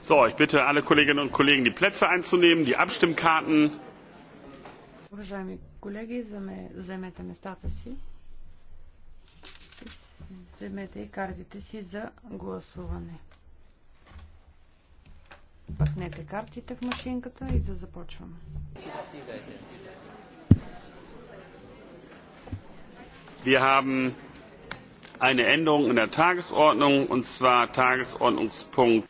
So, ich bitte alle Kolleginnen und Kollegen, die Plätze einzunehmen, die Abstimmkarten. Вземете картите си за гласуване. Пъхнете картите в машинката и да започваме. Wir haben eine Änderung in der Tagesordnung, und zwar Tagesordnungspunkt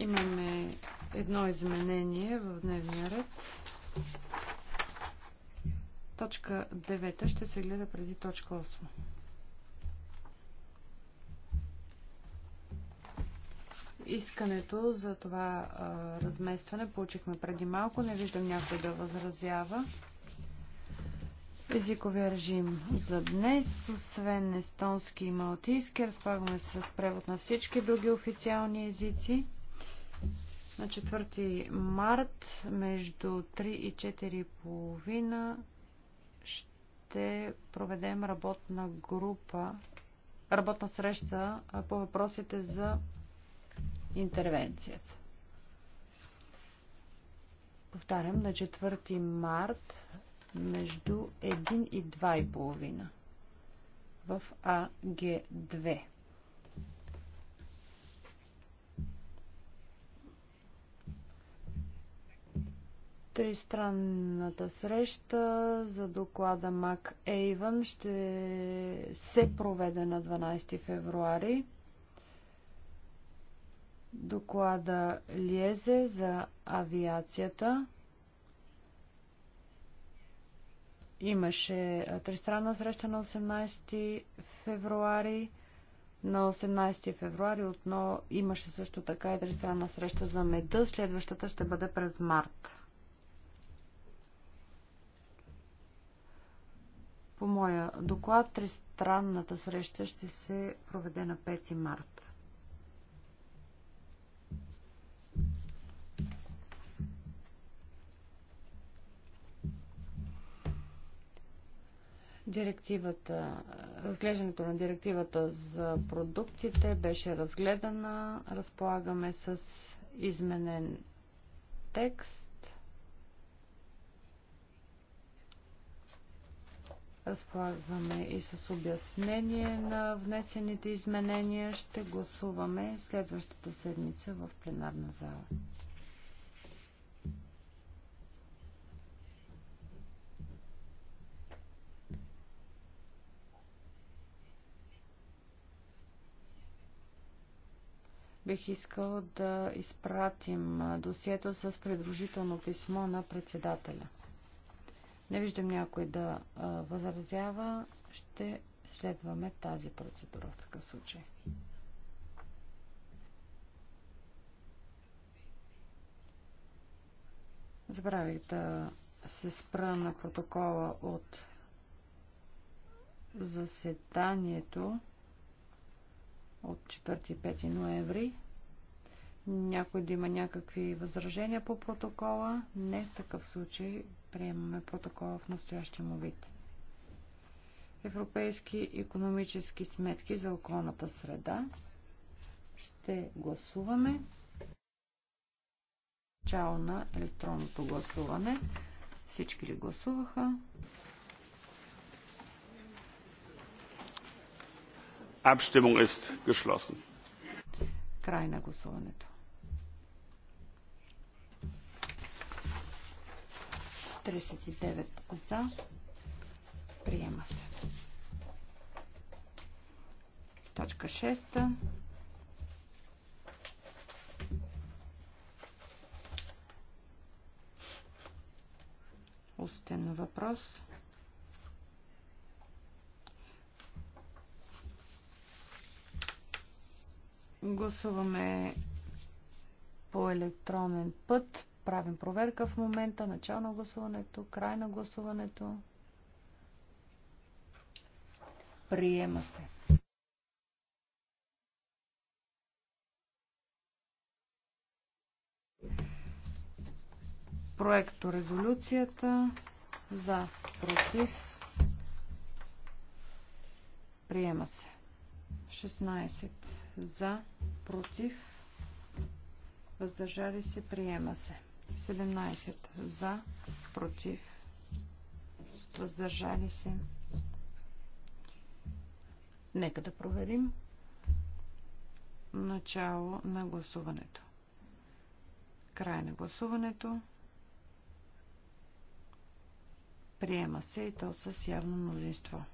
Имаме едно изменение в дневния ред. Точка 9 ще се гледа преди точка 8. Искането за това а, разместване получихме преди малко. Не виждам някой да възразява. Езиковия режим за днес, освен естонски и малтийски, разполагаме с превод на всички други официални езици на 4 март между 3 и 4 половина ще проведем работна група, работна среща по въпросите за интервенцията. Повтарям, на 4 март между 1 и 2 и половина в АГ2. Тристранната среща за доклада Мак Ейвън ще се проведе на 12 февруари. Доклада Лиезе за авиацията. Имаше тристранна среща на 18 февруари. На 18 февруари отново имаше също така и тристранна среща за меда. Следващата ще бъде през март. По моя доклад, тристранната среща ще се проведе на 5 март. Директивата, разглеждането на директивата за продуктите беше разгледана. Разполагаме с изменен текст. Разполагаме и с обяснение на внесените изменения. Ще гласуваме следващата седмица в пленарна зала. бих искал да изпратим досието с придружително писмо на председателя. Не виждам някой да възразява. Ще следваме тази процедура в такъв случай. Забравих да се спра на протокола от заседанието от 4 и 5 ноември. Някой да има някакви възражения по протокола? Не, в такъв случай приемаме протокола в настоящия му вид. Европейски економически сметки за околната среда. Ще гласуваме. Начало на електронното гласуване. Всички ли гласуваха? Abstimmung ist geschlossen. Край на гласуването. 39 за. Приема се. Точка 6. Устен въпрос. Гласуваме по електронен път Правим проверка в момента, начало на гласуването, край на гласуването. Приема се. Проекто резолюцията за против. Приема се. 16 за против. Въздържали се. Приема се. 17 за, против, въздържали се. Нека да проверим начало на гласуването. Край на гласуването. Приема се и то с явно мнозинство.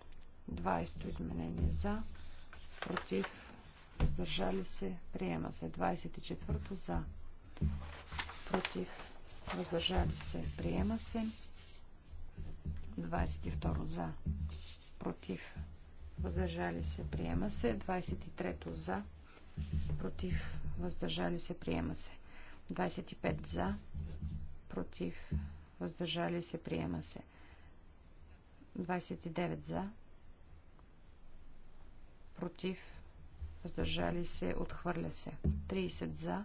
20 изменение за, против, въздържали се, приема се. 24 за, против, въздържали се, приема се. 22 за, против, въздържали се, приема се. 23 за, против, въздържали се, приема се. 25 за, против, въздържали се, приема се. 29 за, против, въздържали се, отхвърля се. 30 за,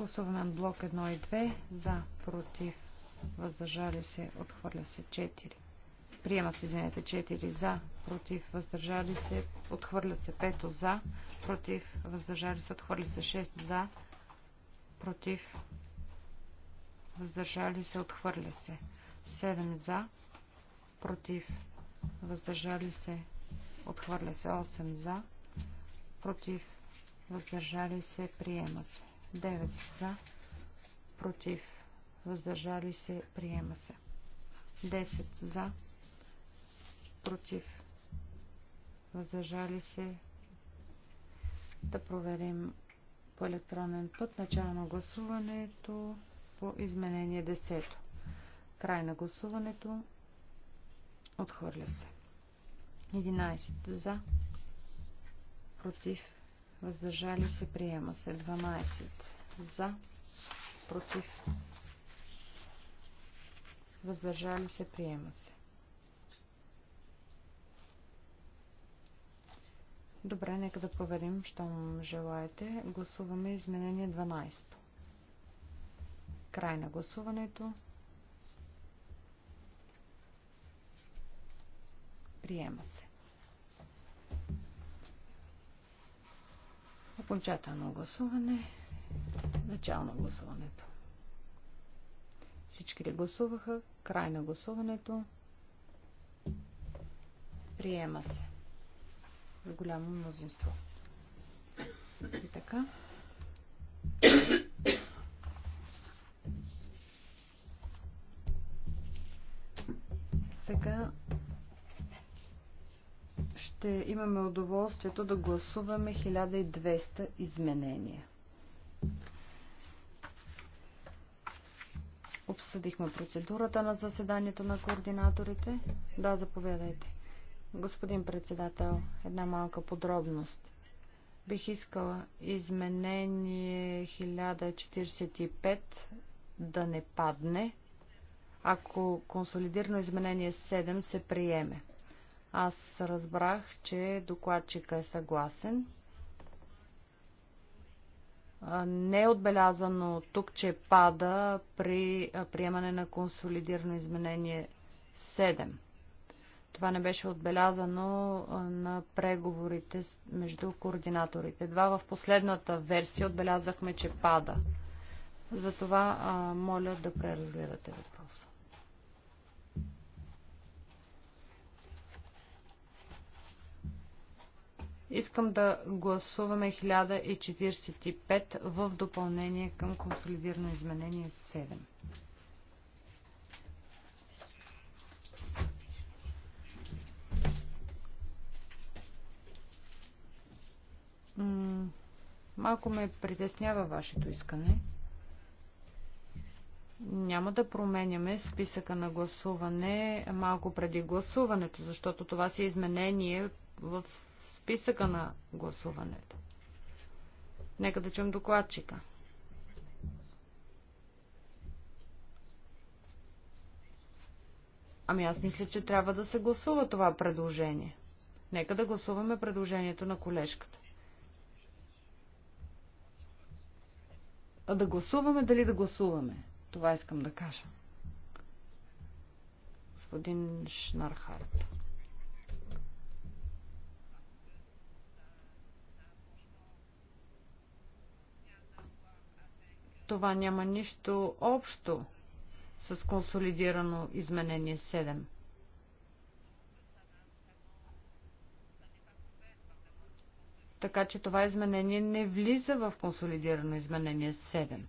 Гласуваме блок 1 и 2. За, против, въздържали се, отхвърля се 4. Приема се, извинете, 4 за, против, въздържали се, отхвърля се 5 за, против, въздържали се, отхвърля се 6 за, против, въздържали се, отхвърля се 7 за, против, въздържали се, отхвърля се 8 за, против, въздържали се, приема се. 9 за, против, въздържали се, приема се. 10 за, против, въздържали се. Да проверим по електронен път начало на гласуването по изменение 10. Край на гласуването. Отхвърля се. 11 за, против, въздържали се, приема се. 12 за, против, въздържали се, приема се. Добре, нека да проверим, що желаете. Гласуваме изменение 12. Край на гласуването. Приема се. Окончателно гласуване. Начало на гласуването. Всички ли гласуваха? Край на гласуването. Приема се. За голямо мнозинство. И така. Сега ще имаме удоволствието да гласуваме 1200 изменения. Обсъдихме процедурата на заседанието на координаторите. Да, заповядайте. Господин председател, една малка подробност. Бих искала изменение 1045 да не падне, ако консолидирано изменение 7 се приеме. Аз разбрах, че докладчика е съгласен. Не е отбелязано тук, че пада при приемане на консолидирано изменение 7. Това не беше отбелязано на преговорите между координаторите. Два в последната версия отбелязахме, че пада. Затова моля да преразгледате въпроса. Искам да гласуваме 1045 в допълнение към консолидирано изменение 7. Малко ме притеснява вашето искане. Няма да променяме списъка на гласуване малко преди гласуването, защото това си е изменение в списъка на гласуването. Нека да чуем докладчика. Ами аз мисля, че трябва да се гласува това предложение. Нека да гласуваме предложението на колежката. А да гласуваме, дали да гласуваме? Това искам да кажа. Господин Шнархарт. Това няма нищо общо с консолидирано изменение 7. Така че това изменение не влиза в консолидирано изменение 7.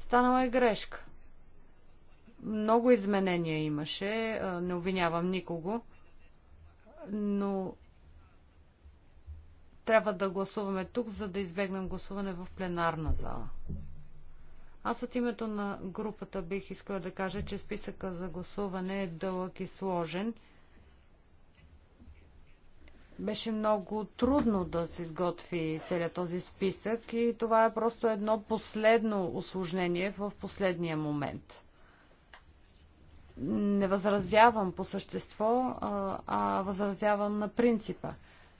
Станала е грешка. Много изменения имаше, не обвинявам никого, но трябва да гласуваме тук, за да избегнем гласуване в пленарна зала. Аз от името на групата бих искала да кажа, че списъка за гласуване е дълъг и сложен. Беше много трудно да се изготви целият този списък и това е просто едно последно осложнение в последния момент. Не възразявам по същество, а възразявам на принципа.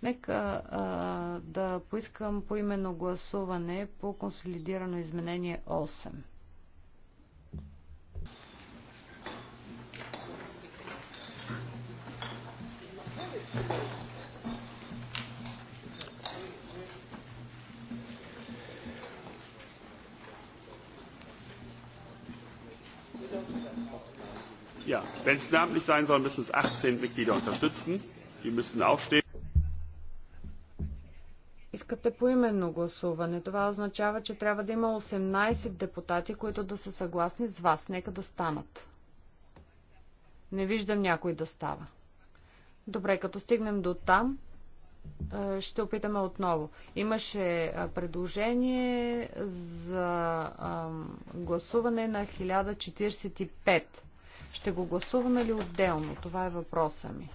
Нека а, да поискам поименно гласуване по консолидирано изменение 8. Ja, wenn es namentlich sein soll, müssen es 18 Mitglieder unterstützen. Die müssen aufstehen искате поименно гласуване. Това означава, че трябва да има 18 депутати, които да са съгласни с вас. Нека да станат. Не виждам някой да става. Добре, като стигнем до там, е, ще опитаме отново. Имаше е, предложение за гласуване на 1045. Ще го гласуваме ли отделно? Това е въпроса ми.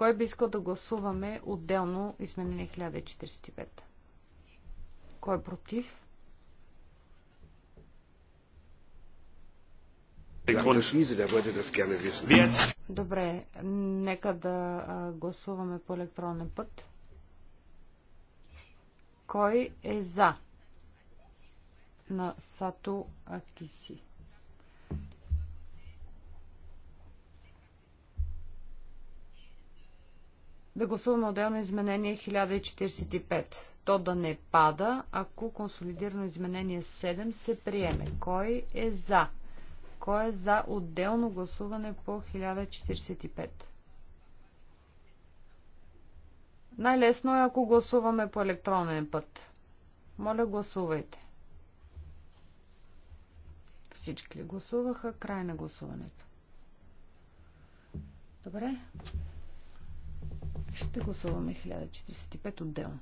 Кой би искал да гласуваме отделно изменение 1045? Кой е против? Добре, нека да гласуваме по електронен път. Кой е за на Сато Акиси? да гласуваме отделно изменение 1045. То да не пада, ако консолидирано изменение 7 се приеме. Кой е за? Кой е за отделно гласуване по 1045? Най-лесно е, ако гласуваме по електронен път. Моля, гласувайте. Всички ли гласуваха? Край на гласуването. Добре. Ще гласуваме 1045 отделно.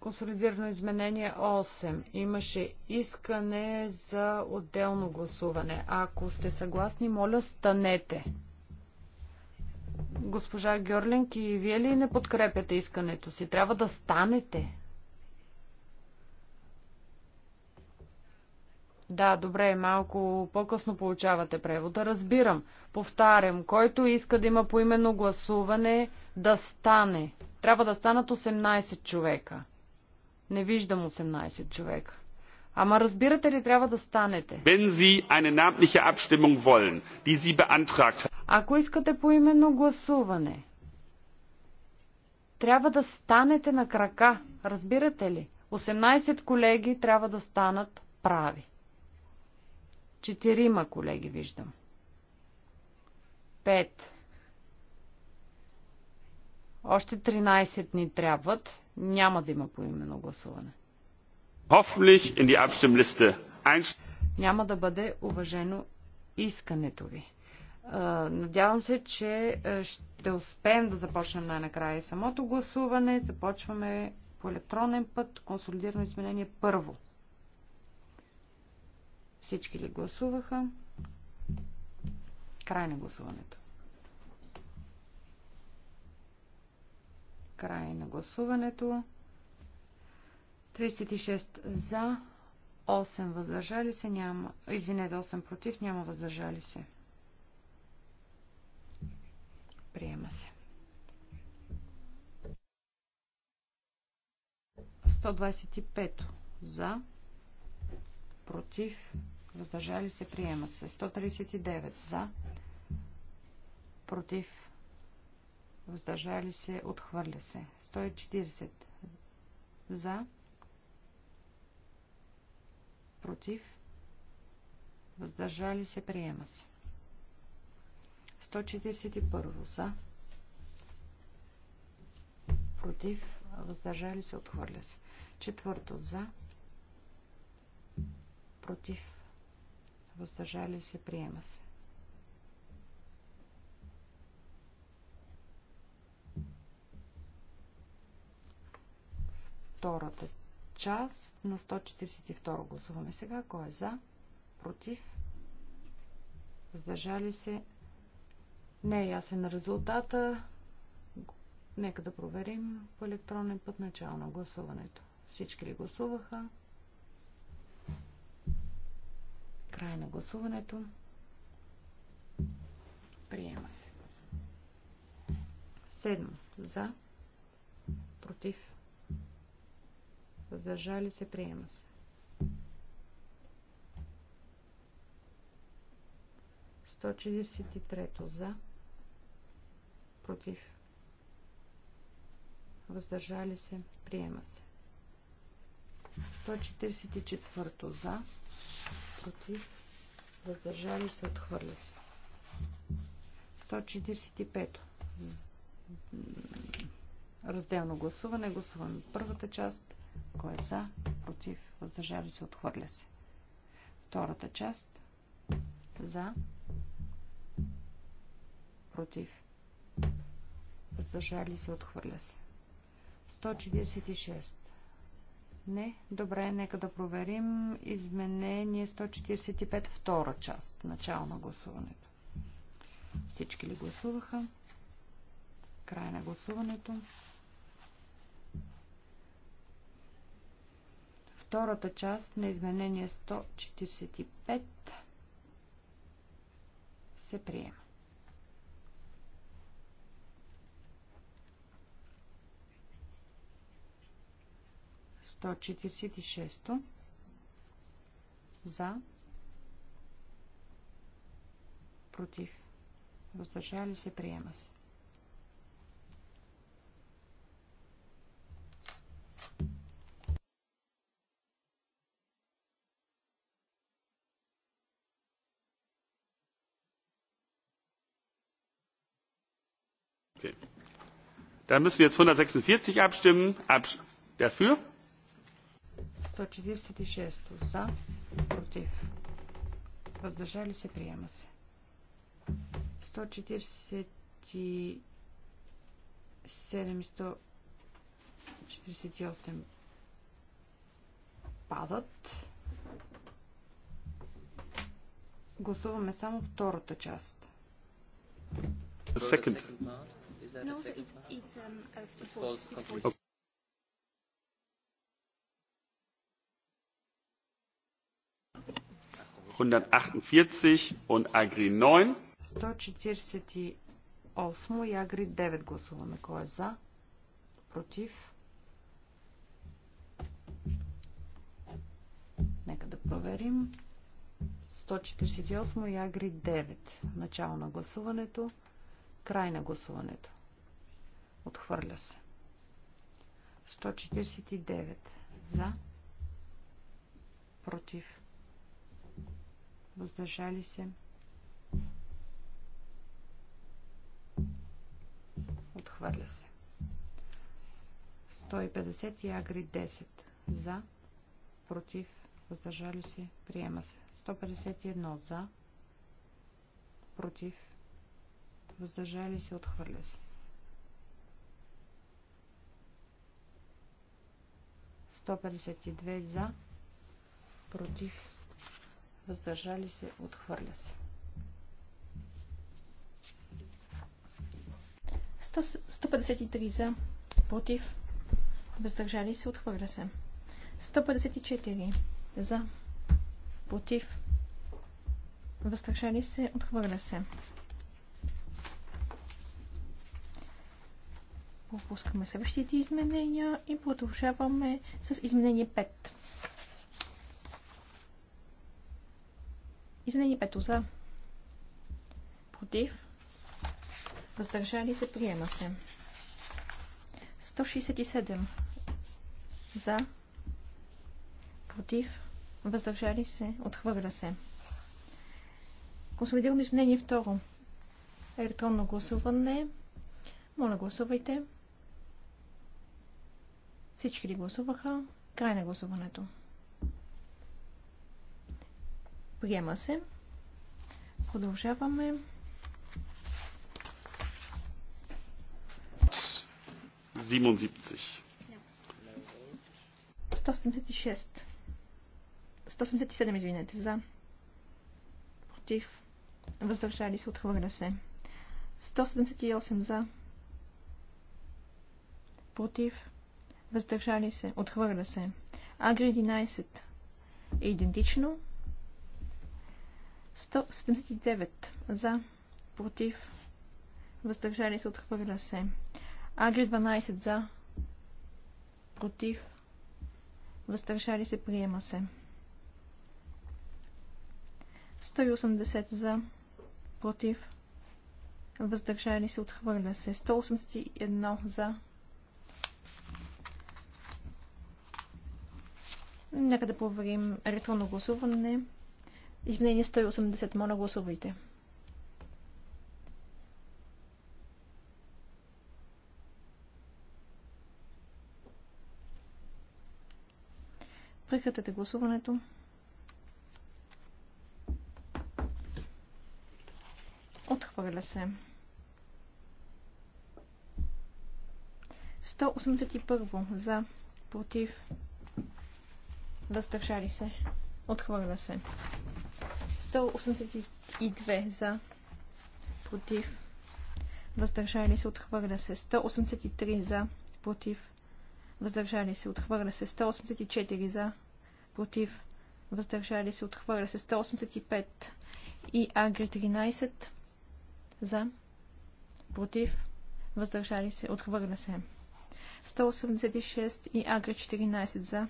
консолидирано изменение 8. Имаше искане за отделно гласуване. Ако сте съгласни, моля, станете. Госпожа Гьорлинг, и вие ли не подкрепяте искането си? Трябва да станете. Да, добре, малко по-късно получавате превода. Разбирам. Повтарям, който иска да има поименно гласуване, да стане. Трябва да станат 18 човека. Не виждам 18 човека. Ама разбирате ли, трябва да станете. Wenn Sie eine namentliche Abstimmung wollen, die Sie beantragt Ако искате поименно гласуване, трябва да станете на крака. Разбирате ли? 18 колеги трябва да станат прави. Четирима колеги виждам. Пет. Още 13 ни трябват. Няма да има поименно гласуване. Няма да бъде уважено искането ви. Надявам се, че ще успеем да започнем най-накрая самото гласуване. Започваме по електронен път. Консолидирано изменение първо. Всички ли гласуваха? Край на гласуването. Край на гласуването. 36 за, 8 въздържали се, няма. Извинете, 8 против, няма въздържали се. Приема се. 125 за, против, въздържали се, приема се. 139 за, против, въздържали се, отхвърля се. 140 за, против, въздържали се, приема се. 141 за, против, въздържали се, отхвърля се. Четвърто за, против, въздържали се, приема се. Втората част на 142 гласуваме сега. Кой е за? Против? Въздържали се? Не е ясен резултата. Нека да проверим по електронен път начало на гласуването. Всички ли гласуваха? Край на гласуването. Приема се. Седмо. За. Против. Въздържали се. Приема се. Сто за. Против. Въздържали се. Приема се. 144 за. Против въздържали се, отхвърля се. 145. Разделно гласуване. Гласуваме първата част. Кой е за? Против? Въздържали се? Отхвърля се. Втората част. За? Против? Въздържали се? Отхвърля се. 146. Не? Добре, нека да проверим изменение 145 втора част, начало на гласуването. Всички ли гласуваха? Край на гласуването. Втората част на изменение 145 се приема. 146 за, против, въздържали се, приема се. Dann müssen wir jetzt 146 abstimmen. Ab, dafür? 146 за, против, въздържали се, приема се. 147 и 148 падат. Гласуваме само втората част. The second. No, it's, it's, um, uh, it falls, it falls. 148 und Agri 9. 148 и Агри 9 гласуваме. Кой е за? Против? Нека да проверим. 148 и Агри 9. Начало на гласуването. Край на гласуването. Отхвърля се. 149 за. Против въздържали се. Отхвърля се. 150 и Агри 10 за, против, въздържали се, приема се. 151 за, против, въздържали се, отхвърля се. 152 за, против, въздържали се, отхвърля се. 153 за, против, въздържали се, отхвърля се. 154 за, против, въздържали се, отхвърля се. Пропускаме следващите изменения и продължаваме с изменение 5. Изменени 5 за. Против. Въздържали се. Приема се. 167 за. Против. Въздържали се. Отхвърля се. Консолидирано изменение второ. Електронно гласуване. Моля, гласувайте. Всички ли гласуваха? Край на гласуването. Приема се. Продължаваме. Зипцеш. 176. 177, извинете, за. Против. Въздържали се, отхвърля се. 178 за. Против. Въздържали се, отхвърля се. Агри 11 е идентично. 179 за, против, въздържали се, отхвърля се. Агри 12 за, против, въздържали се, приема се. 180 за, против, въздържали се, отхвърля се. 181 за. Нека да проверим електронно гласуване. Изменение 180. Моля, гласувайте. Прекратете гласуването. Отхвърля се. 181 за, против, въздържали се, отхвърля се. 182 за, против, въздържали се, отхвърля се. 183 за, против, въздържали се, отхвърля се. 184 за, против, въздържали се, отхвърля се. 185 и Агри 13 за, против, въздържали се, отхвърля се. 186 и Агри 14 за,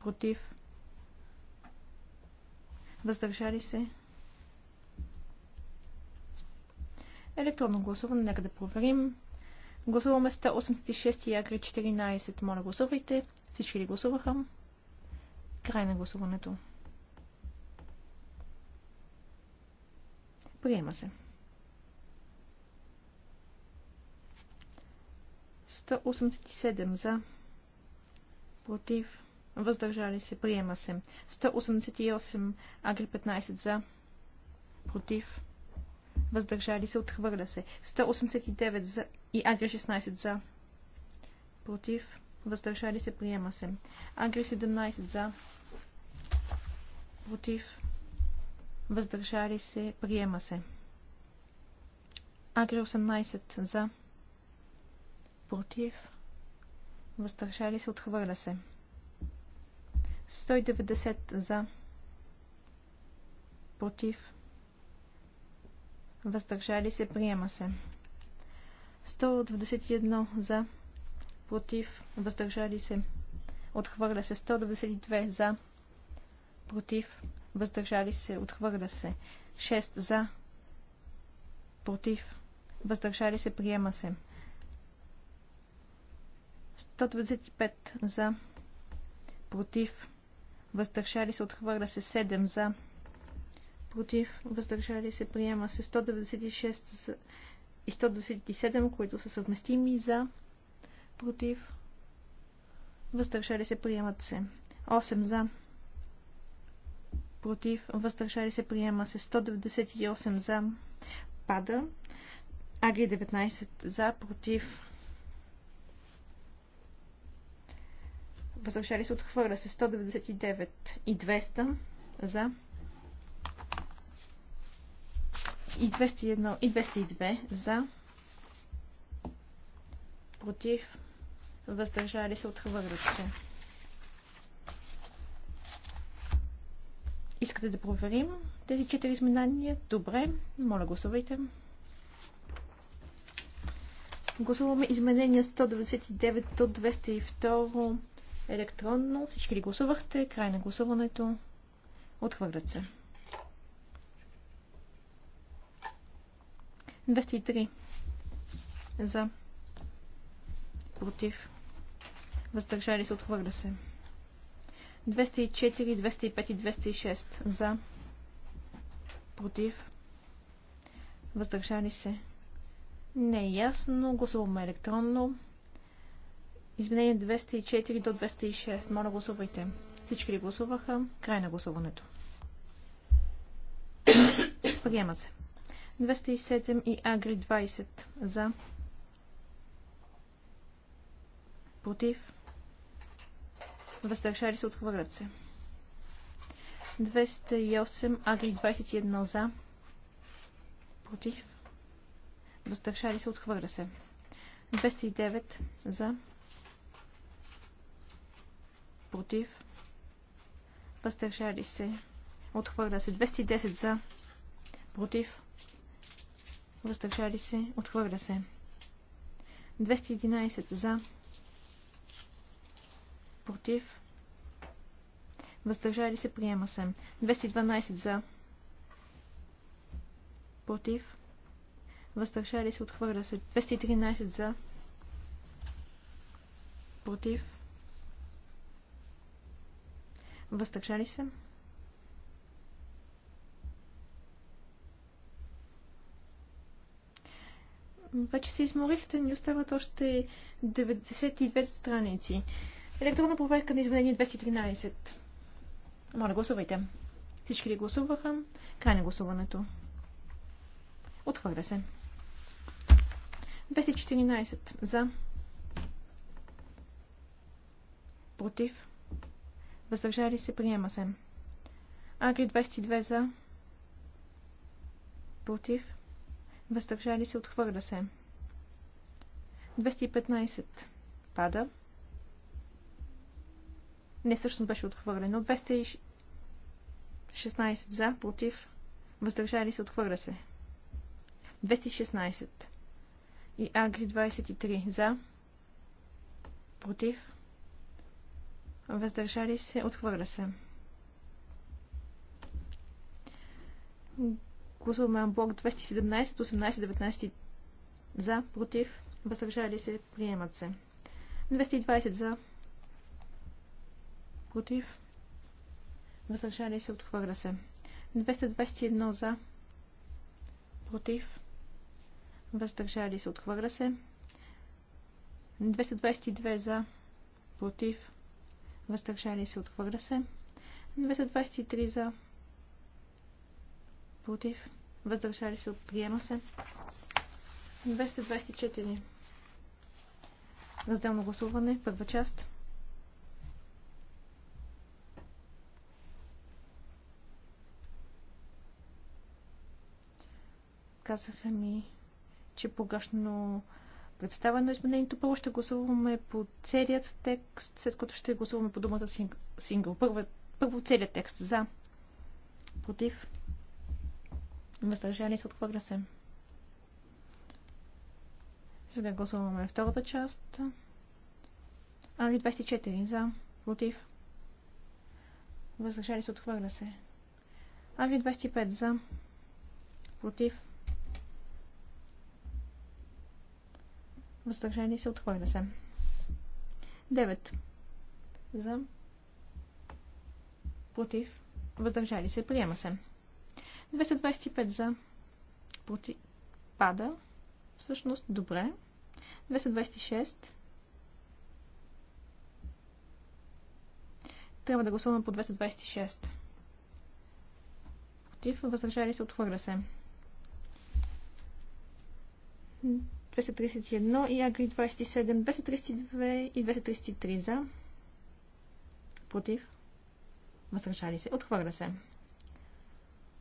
против, Въздържали се. Електронно гласуване. Нека да проверим. Гласуваме 186 и 14. Моля гласувайте. Всички ли гласуваха? Край на гласуването. Приема се. 187 за. Против въздържали се, приема се. 188 Агри 15 за, против, въздържали се, отхвърля се. 189 за и Агри 16 за, против, въздържали се, приема се. Агри 17 за, против, въздържали се, приема се. Агри 18 за, против, въздържали се, отхвърля се. 190 за. Против. Въздържали се. Приема се. 191 за. Против. Въздържали се. Отхвърля се. 192 за. Против. Въздържали се. Отхвърля се. 6 за. Против. Въздържали се. Приема се. 125 за. Против въздържали се, отхвърля се 7 за, против, въздържали се, приема се 196 за, и 127, които са съвместими за, против, въздържали се, приемат се 8 за, против, въздържали се, приема се 198 за, пада, Агри 19 за, против, Възвършали се отхвърля се 199 и 200 за. И 201 и 202 за. Против. Въздържали се отхвърлят се. Искате да проверим тези четири изменения? Добре, моля гласувайте. Гласуваме изменения 199 до 202 електронно. Всички ли гласувахте? Край на гласуването. Отхвърлят се. 203 за против въздържали се отхвърля се 204, 205 и 206 за против въздържали се не е ясно гласуваме електронно Изменение 204 до 206. Моля, гласувайте. Всички ли гласуваха? Край на гласуването. Приема се. 207 и Агри 20 за. Против. Въздържали се, от се. 208 Агри 21 за. Против. Въздържали се, отхвърля се. 209 за против, въздържали се, отхвърля се 210 за, против, въздържали се, отхвърля се 211 за, против, въздържали се, приема се 212 за, против, въздържали се, отхвърля се 213 за, против, Въздържали се? Вече се изморихте, ни остават още 92 страници. Електронна проверка на изменение 213. Моля, гласувайте. Всички ли гласуваха? Край на гласуването. Отхвърля се. 214 за. Против. Въздържали се. Приема се. Агри 22 за. Против. Въздържали се. Отхвърля се. 215 пада. Не, всъщност беше отхвърлено. 216 за, против, въздържали се, отхвърля се. 216 и Агри 23 за, против, Въздържали се. Отхвърля се. Гласуваме блок 217, 18, 19 за, против, въздържали се, приемат се. 220 за, против, въздържали се, отхвърля се. 221 за, против, въздържали се, отхвърля се. 222 за, против, въздържали се, отхвърля се. 223 за, против, въздържали се, приема се. 224 разделно гласуване, първа част. Казаха ми, че погашно представено изменението. Първо ще гласуваме по целият текст, след като ще гласуваме по думата сингъл. Първо, първо целият текст за, против, въздържали се, отхвърля се. Сега гласуваме втората част. Ами 24 за, против, въздържали се, отхвърля се. Ами 25 за, против, Въздържали се, отхвърля се. 9. За. Против. Въздържали се, приема се. 225 за. Против. Пада. Всъщност, добре. 226. Трябва да гласуваме по 226. Против. Въздържали се, отхвърля се. 231 и Агри 27, 232 и 233 за. Против. Възражали се. Отхвърля се.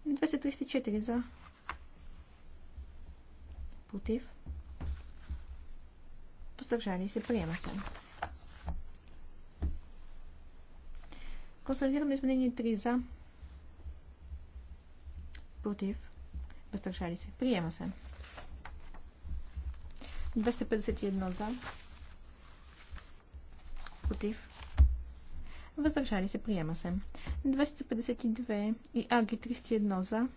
234 за. Против. Въздържали се. Приема се. Консолидираме изменение 3 за. Против. Въздържали се. Приема се. 251 за. Против. Въздържали се. Приема се. 252 и Аги 301 за.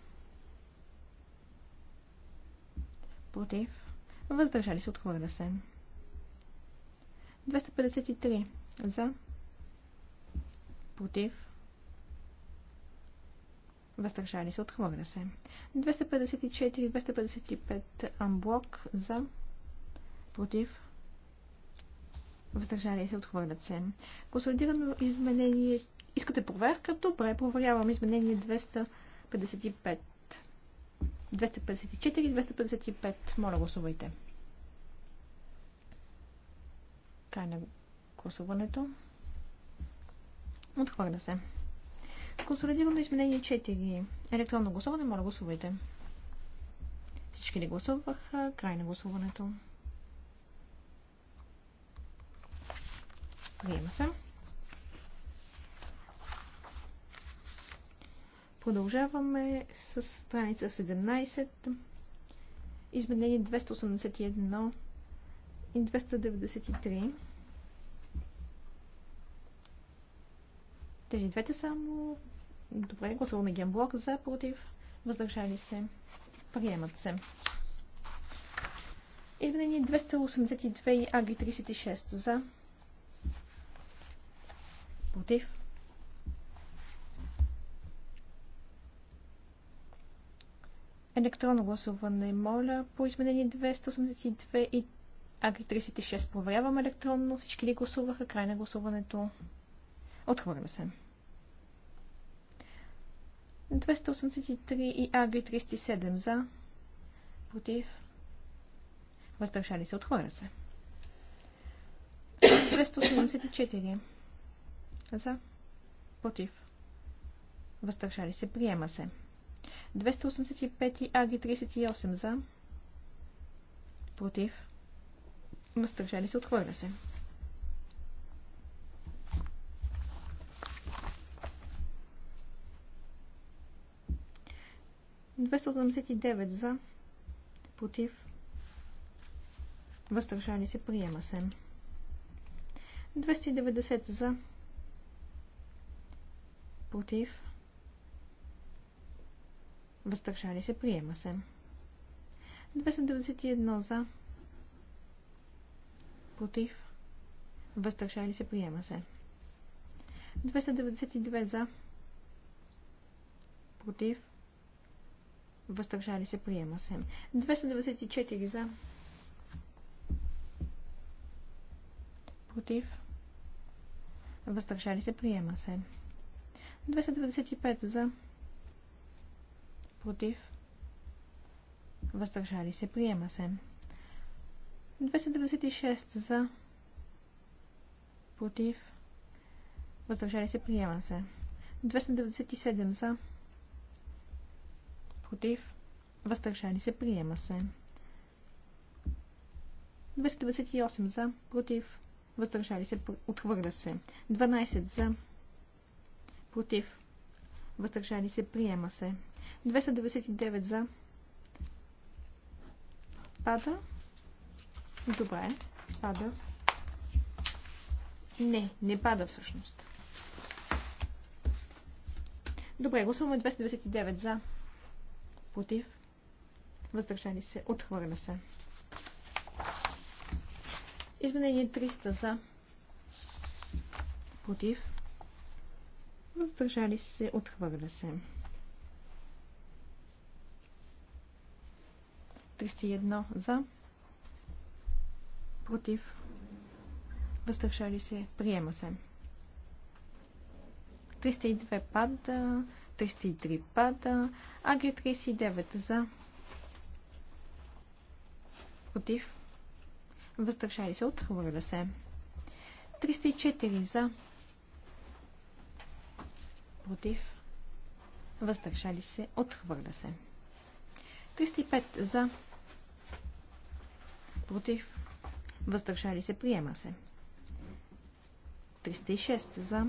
Против. Въздържали се. Отхвърля се. 253 за. Против. Въздържали се. Отхвърля се. 254 255 амблок за. Против против, въздържали се, отхвърлят се. Консолидирано изменение. Искате проверка? Добре, проверявам изменение 255. 254-255. Моля, гласувайте. Край на гласуването. Отхвърля се. Консолидирано изменение 4. Електронно гласуване. Моля, гласувайте. Всички ли гласуваха? Край на гласуването. Приема се. Продължаваме с страница 17. Изменение 281 и 293. Тези двете само. Добре, гласуваме блок за, против, въздържали се, приемат се. Изменение 282 и Аги 36 за, Против? Електронно гласуване, моля, по изменени 282 и аг 36. Проверявам електронно. Всички ли гласуваха? Край на гласуването. Отхвърля се. 283 и аг 37 за. Против. Въздържали се. Отхвърля се. 284. За. Против. Въздържали се. Приема се. 285 Аги 38 за. Против. Въздържали се. Отхвърля се. Двеста за. Против. Въздържали се. Приема се. 290 за против, въздържали се, приема се. 291 за, против, въздържали се, приема се. 292 за, против, въздържали се, приема се. 294 за, против, въздържали се, приема се. 295 за. Против. Въздържали се. Приема се. 296 за. Против. Въздържали се. Приема се. 297 за. Против. Въздържали се. Приема се. 298 за. Против. Въздържали се. Отхвърля се. 12 за. Против. Въздържали се. Приема се. 299 за. Пада. Добре. Пада. Не, не пада всъщност. Добре, гласуваме 299 за. Против. Въздържали се. Отхвърля се. Изменение 300 за. Против въздържали се, отхвърля се. 301 за, против, въздържали се, приема се. 302 пада, 303 пада, Агри 39 за, против, въздържали се, отхвърля се. 304 за, против, въздържали се, отхвърля се. 305 за, против, въздържали се, приема се. 306 за,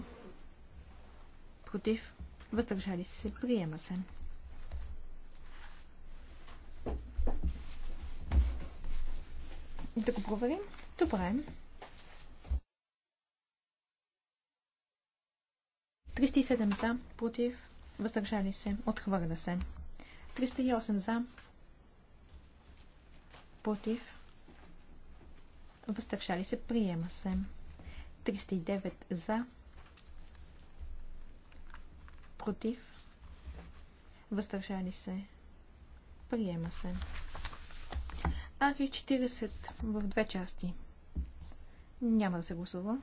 против, въздържали се, приема се. Да го проверим? Добре. 307 за, против, въздържали се, отхвърля се. 308 за, против, въздържали се, приема се. 309 за, против, въздържали се, приема се. Ари 40 в две части. Няма да се гласува.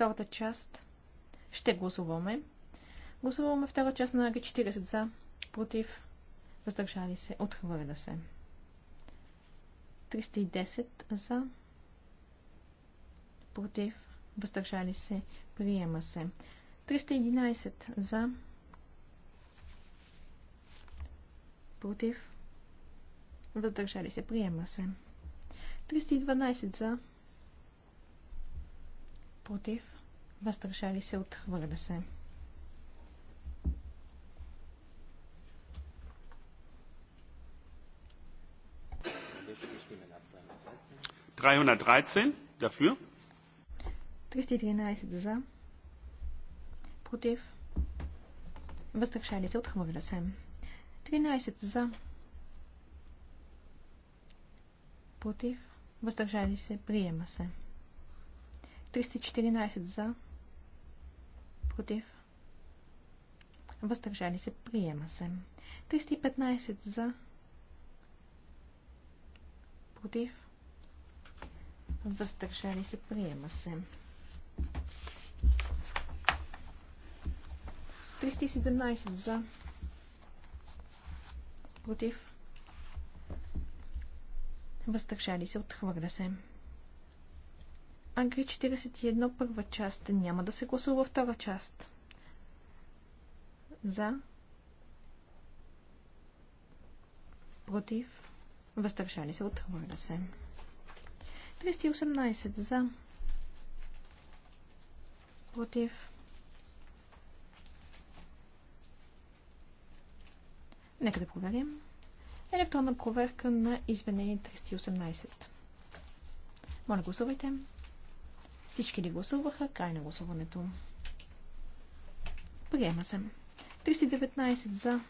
втората част ще гласуваме. Гласуваме втора част на Г40 за, против, въздържали се, отхвърля се. 310 за, против, въздържали се, приема се. 311 за, против, въздържали се, приема се. 312 за, против, въздържали се, отхвърля се. Dafür. 313 за. Против. Въздържали се, отхвърля се. 13 за. Против. Въздържали се. Приема се. 314 за против, въздържали се, приема се. 315 за, против, въздържали се, приема се. 317 за, против, въздържали се, отхвърля се. Агри 41 първа част. Няма да се гласува втора част. За. Против. Въздържали се. Отхвърля се. 318 за. Против. Нека да проверим. Електронна проверка на изменение 318. Моля, гласувайте. Всички ли гласуваха? Край на гласуването. Приема се. 319 за.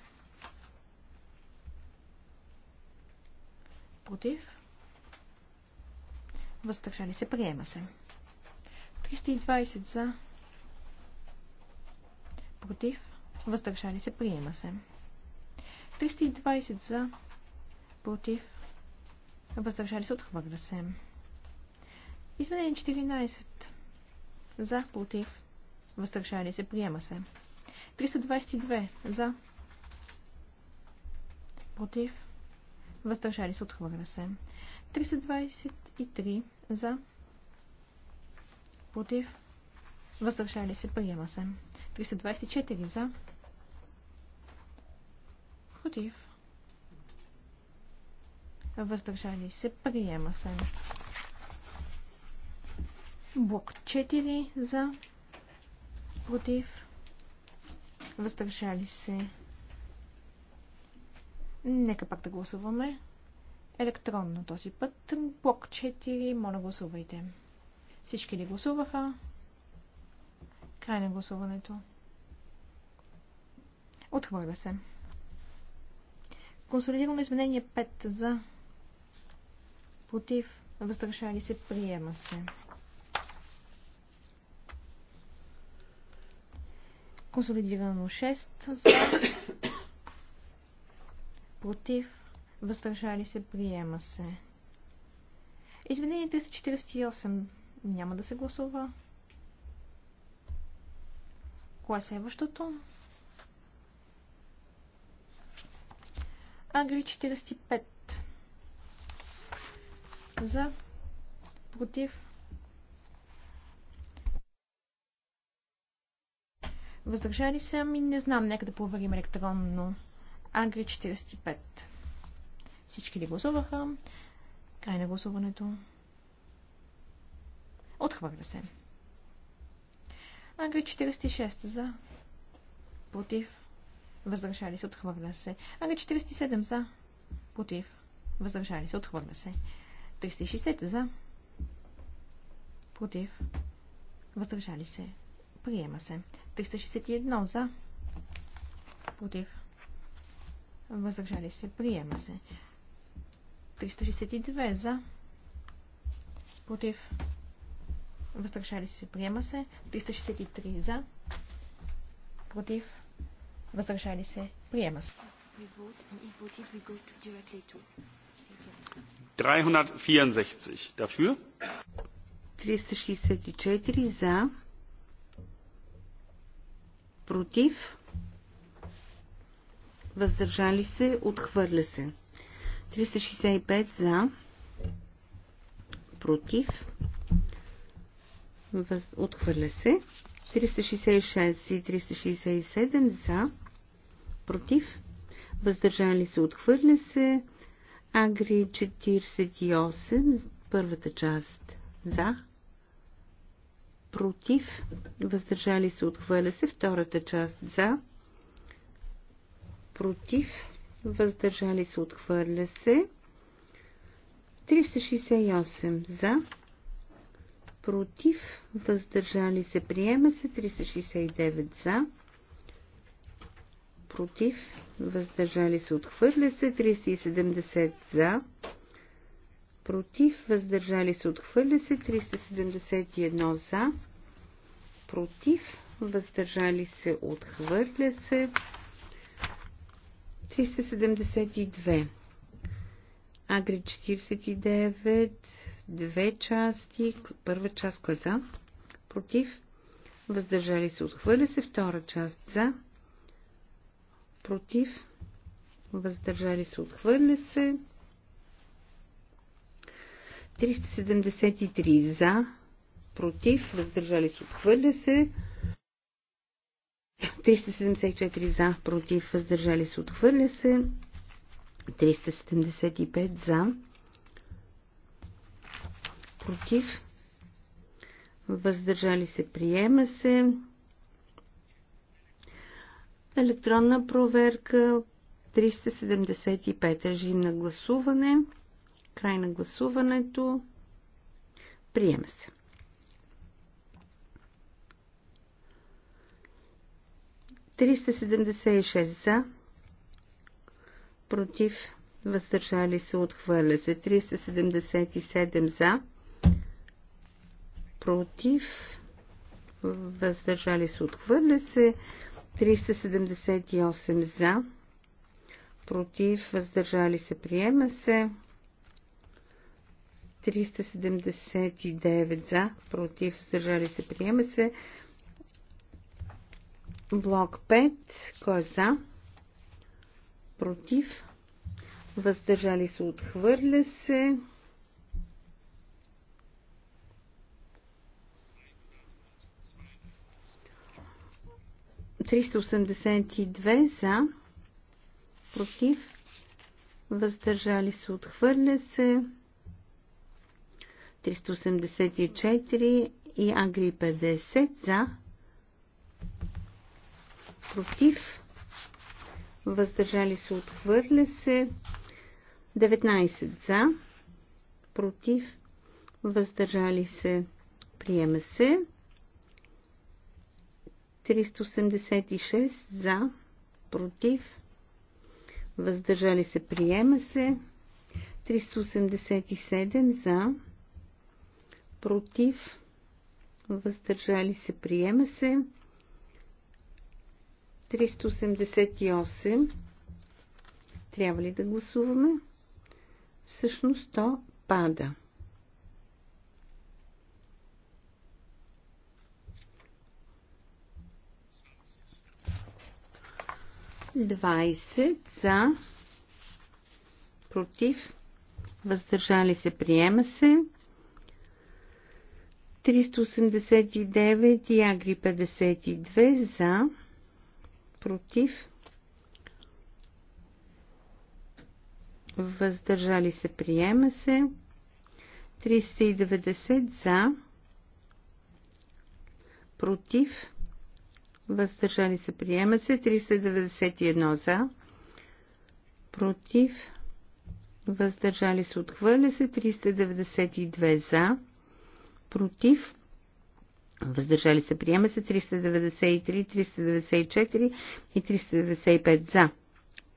Против. Въздържали се. Приема се. 320 за. Против. Въздържали се. Приема се. 320 за. Против. Въздържали се. Отхвърля се. Изменение 14. За, против, въздържали се, приема се. 322. За, против, въздържали се, отхвърля се. 323. За, против, въздържали се, приема се. 324. За, против, въздържали се, приема се. Блок 4 за против. Въздържали се. Нека пак да гласуваме. Електронно този път. Блок 4. Моля гласувайте. Всички ли гласуваха? Край на гласуването. Отхвърля се. Консолидирано изменение 5 за против. Въздържали се. Приема се. Консолидирано 6 за. Против. Въздържали се. Приема се. Изменение 348 няма да се гласува. Кое е следващото? Агри 45 за против Въздържали се, ами не знам, нека да проверим електронно. Агри 45. Всички ли гласуваха? Край на гласуването. Отхвърля се. Агри 46 за. Против. Въздържали се, отхвърля се. Агри 47 за. Против. Въздържали се, отхвърля се. 360 за. Против. Въздържали се, Приема се. 361 за. Против. Въздържали се. Приема се. 362 за. Против. Въздържали се. Приема се. 363 за. Против. Въздържали се. Приема се. 364 dafür. 364 за против, въздържали се, отхвърля се. 365 за, против, въз... отхвърля се. 366 и 367 за, против, въздържали се, отхвърля се. Агри 48, първата част за, против, въздържали се, отхвърля се. Втората част за, против, въздържали се, отхвърля се. 368 за, против, въздържали се, приема се. 369 за, против, въздържали се, отхвърля се. 370 за, против, въздържали се, отхвърля се, 371 за, против, въздържали се, отхвърля се, 372. Агри 49, две части, първа част е за, против, въздържали се, отхвърля се, втора част за, против, въздържали се, отхвърля се, 373 за, против, въздържали се, отхвърля се. 374 за, против, въздържали се, отхвърля се. 375 за, против, въздържали се, приема се. Електронна проверка 375 режим на гласуване. Край на гласуването. Приема се. Триста за. Против. Въздържали се. Отхвърля се. 377 за. Против. Въздържали се. Отхвърля се. 378 за. Против. Въздържали се. Приема се. 379 за, против, въздържали се, приема се. Блок 5, кой е за? Против, въздържали се, отхвърля се. Триста за, против, въздържали се, отхвърля се. 384 и Агри 50 за, против, въздържали се, отхвърля се, 19 за, против, въздържали се, приема се, 386 за, против, въздържали се, приема се, 387 за, против, въздържали се, приема се. 388. Трябва ли да гласуваме? Всъщност то пада. Двадесет за, против, въздържали се, приема се. 389 и Агри 52 за, против, въздържали се, приема се, 390 за, против, въздържали се, приема се, 391 за, против, въздържали се, отхвърля се, 392 за, против, въздържали се, приема се 393, 394 и 395 за,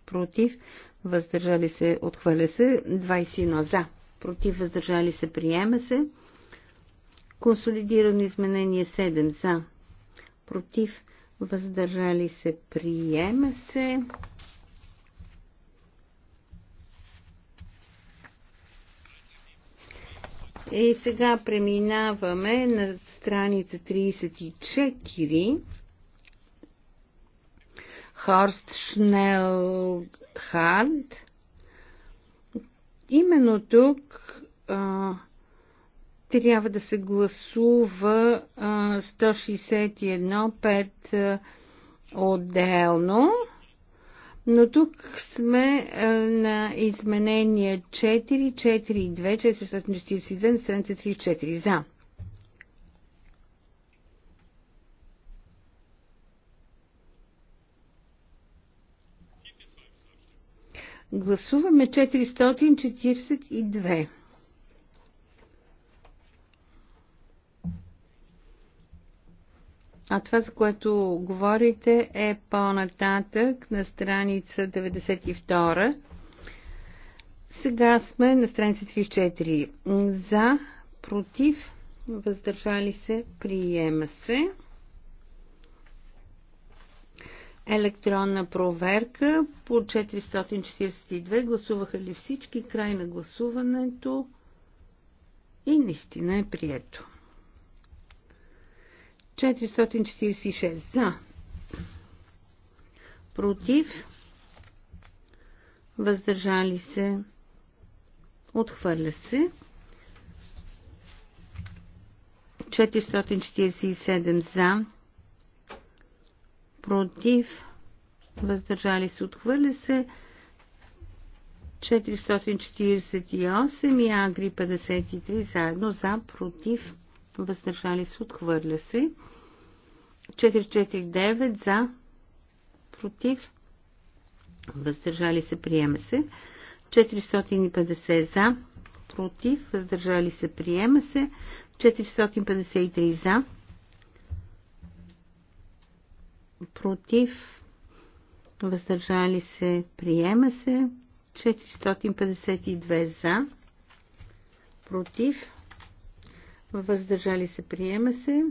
против, въздържали се, отхвърля се 21 за, против, въздържали се, приема се. Консолидирано изменение 7 за, против, въздържали се, приема се. И е, сега преминаваме на страница 34. Хорст Шнелхард. Именно тук а, трябва да се гласува а, 161 5 а, отделно. Но тук сме а, е, на изменение 4, 4 и 2, 442 на страница 34. За. Гласуваме 442. А това, за което говорите, е по-нататък на страница 92. Сега сме на страница 34. За, против, въздържали се, приема се. Електронна проверка по 442. Гласуваха ли всички? Край на гласуването. И наистина е прието. 446 за, против, въздържали се, отхвърля се. 447 за, против, въздържали се, отхвърля се. 448 и Агри 53 заедно за, против, въздържали се, отхвърля се. 449 за, против, въздържали се, приема се. 450 за, против, въздържали се, приема се. 453 за, против, въздържали се, приема се. 452 за, против, въздържали се, приема се.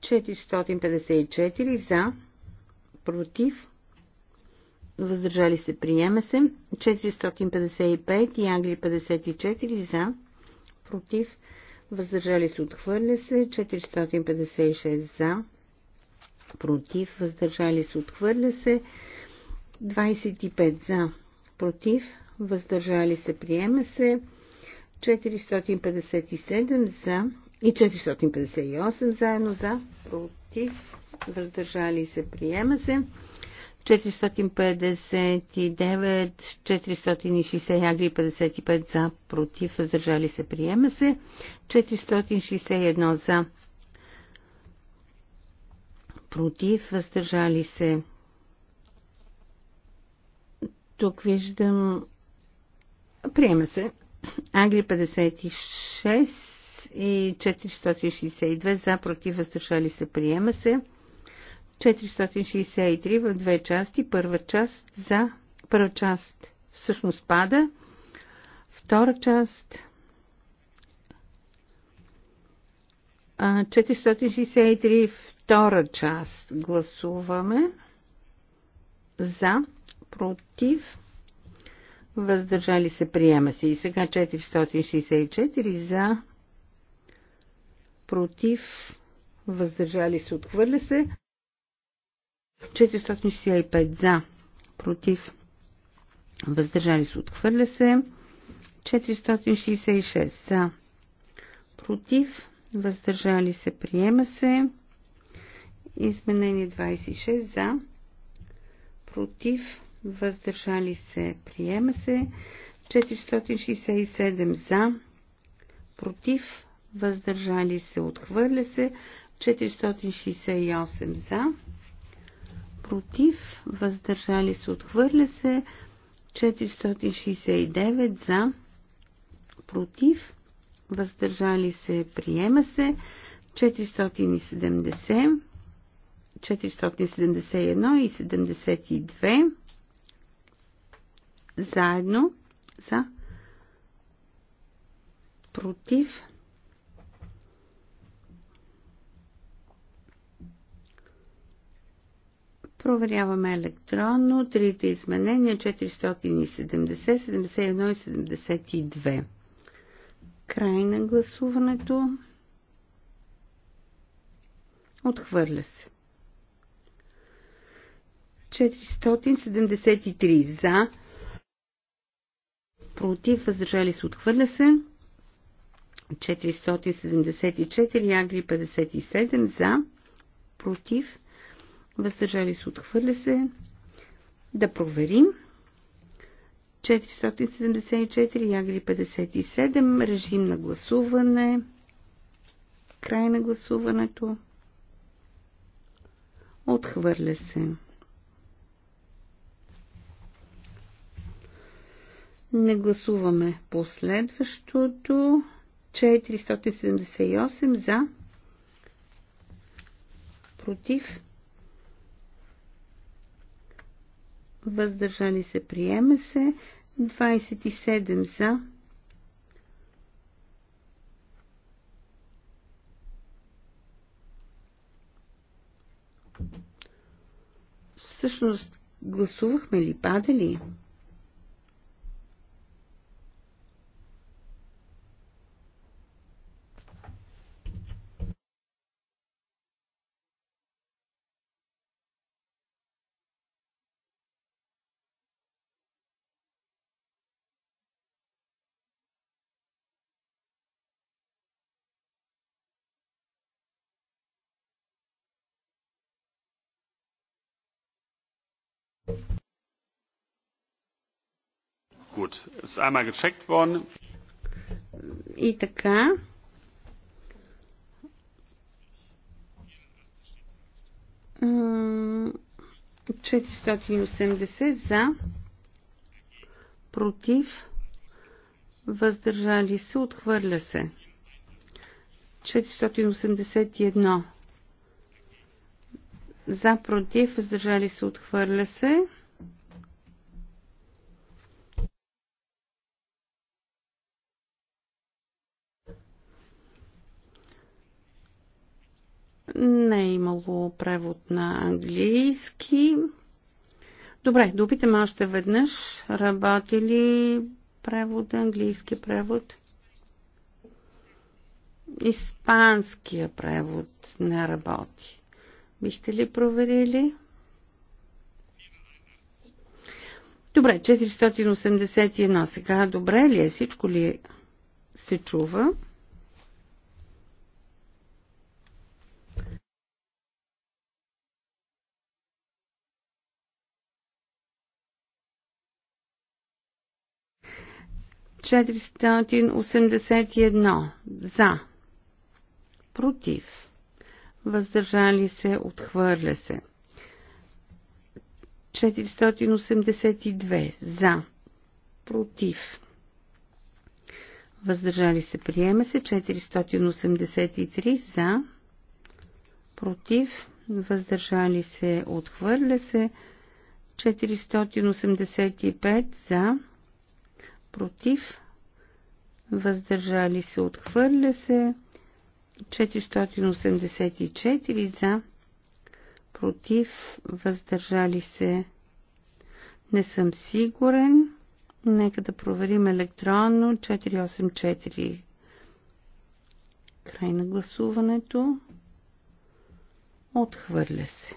454 за, против, въздържали се, приема се. 455 и Англи 54 за, против, въздържали се, отхвърля се. 456 за, против, въздържали се, отхвърля се. 25 за, против, въздържали се, приема се. 457 за и 458 заедно за, против, въздържали се, приема се. 459, 460 агри 55 за, против, въздържали се, приема се. 461 за, против, въздържали се. Тук виждам, приема се. Англия 56 и 462 за, против, въздържали се, приема се. 463 в две части. Първа част за, първа част всъщност пада. Втора част 463 втора част гласуваме за, против, въздържали се, приема се. И сега 464 за, против, въздържали се, отхвърля се. 465 за, против, въздържали се, отхвърля се. 466 за, против, въздържали се, приема се. Изменение 26 за, против, въздържали се, приема се. 467 за, против, въздържали се, отхвърля се. 468 за, против, въздържали се, отхвърля се. 469 за, против, въздържали се, приема се. 470, 471 и 72 заедно за против Проверяваме електронно трите изменения 470, 71 и 72. Край на гласуването. Отхвърля се. 473 за, против, въздържали се, отхвърля се. 474, Агри 57, за, против, въздържали се, отхвърля се. Да проверим. 474, Ягри 57, режим на гласуване, край на гласуването, отхвърля се. Не гласуваме последващото. 478 за. Против. Въздържали се. Приема се. 27 за. Всъщност, гласувахме ли, пада ли? Gut, ist einmal gecheckt worden. И така. М 480 за, против, въздържали се, отхвърля се. 481 за, против, въздържали се, отхвърля се. Не е имало превод на английски. Добре, да опитаме още веднъж. Работи ли превод, английски превод? Испанския превод не работи. Бихте ли проверили? Добре, 481. Сега добре ли е? Всичко ли се чува? 481 за, против, въздържали се, отхвърля се. 482 за, против, въздържали се, приема се. 483 за, против, въздържали се, отхвърля се. 485 за, против, въздържали се, отхвърля се, 484 за, против, въздържали се, не съм сигурен. Нека да проверим електронно 484. Край на гласуването. Отхвърля се.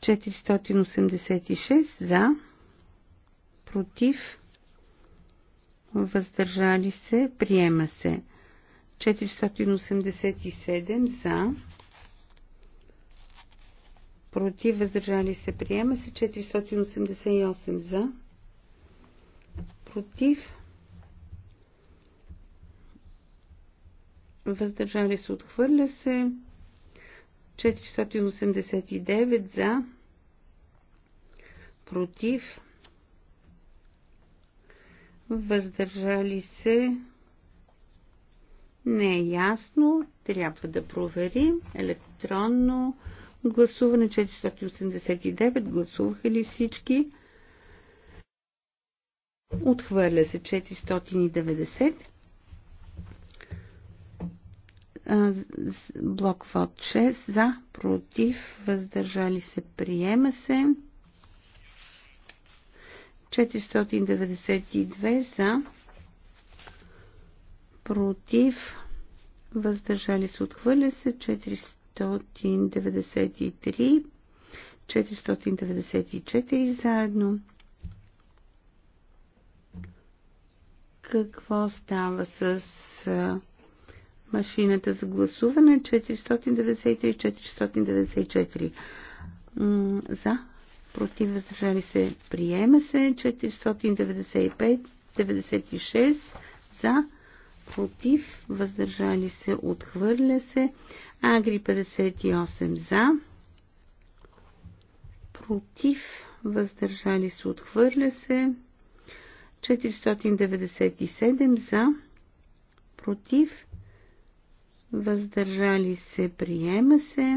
486 за против, въздържали се, приема се. 487 за, против, въздържали се, приема се. 488 за, против, въздържали се, отхвърля се. 489 за, против, въздържали се, не е ясно, трябва да проверим електронно гласуване 489, гласуваха ли всички? Отхвърля се 490. Блок вод 6 за, против, въздържали се, приема се. 492 за, против, въздържали се, отхвърля се 493, 494 заедно. Какво става с машината за гласуване 493-494 за против въздържали се, приема се 495, 96 за, против въздържали се, отхвърля се, Агри 58 за, против въздържали се, отхвърля се, 497 за, против въздържали се, приема се,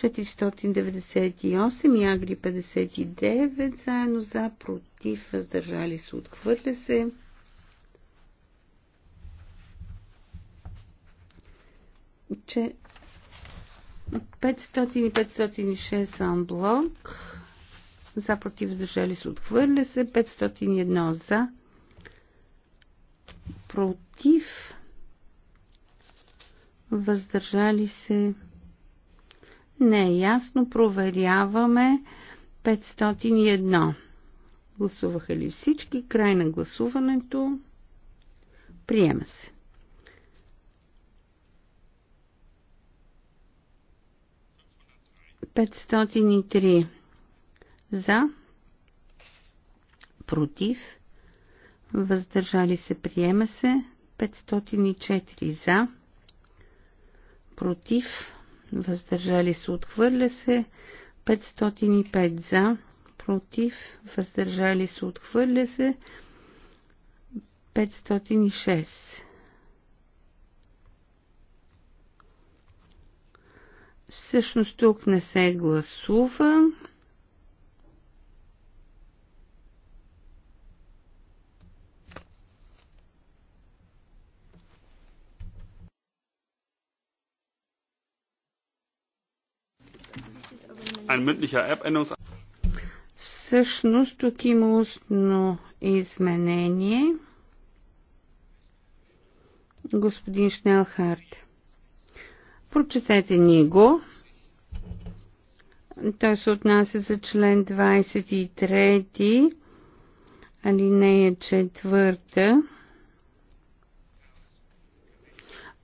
498 и Агри 59, заедно за, против, въздържали се, отхвърля се. Че 500 и 506 анблок, за, против, въздържали се, отхвърля се. 501 за, против, въздържали се, отхвърля се не е ясно. Проверяваме 501. Гласуваха ли всички? Край на гласуването. Приема се. Петстотини три за, против, въздържали се, приема се, 504 за, против, въздържали се, отхвърля се. 505 за, против, въздържали се, отхвърля се. 506. Всъщност тук не се гласува. ein mündlicher Erbänderungsantrag. Той се отнася за член 23, алинея 4.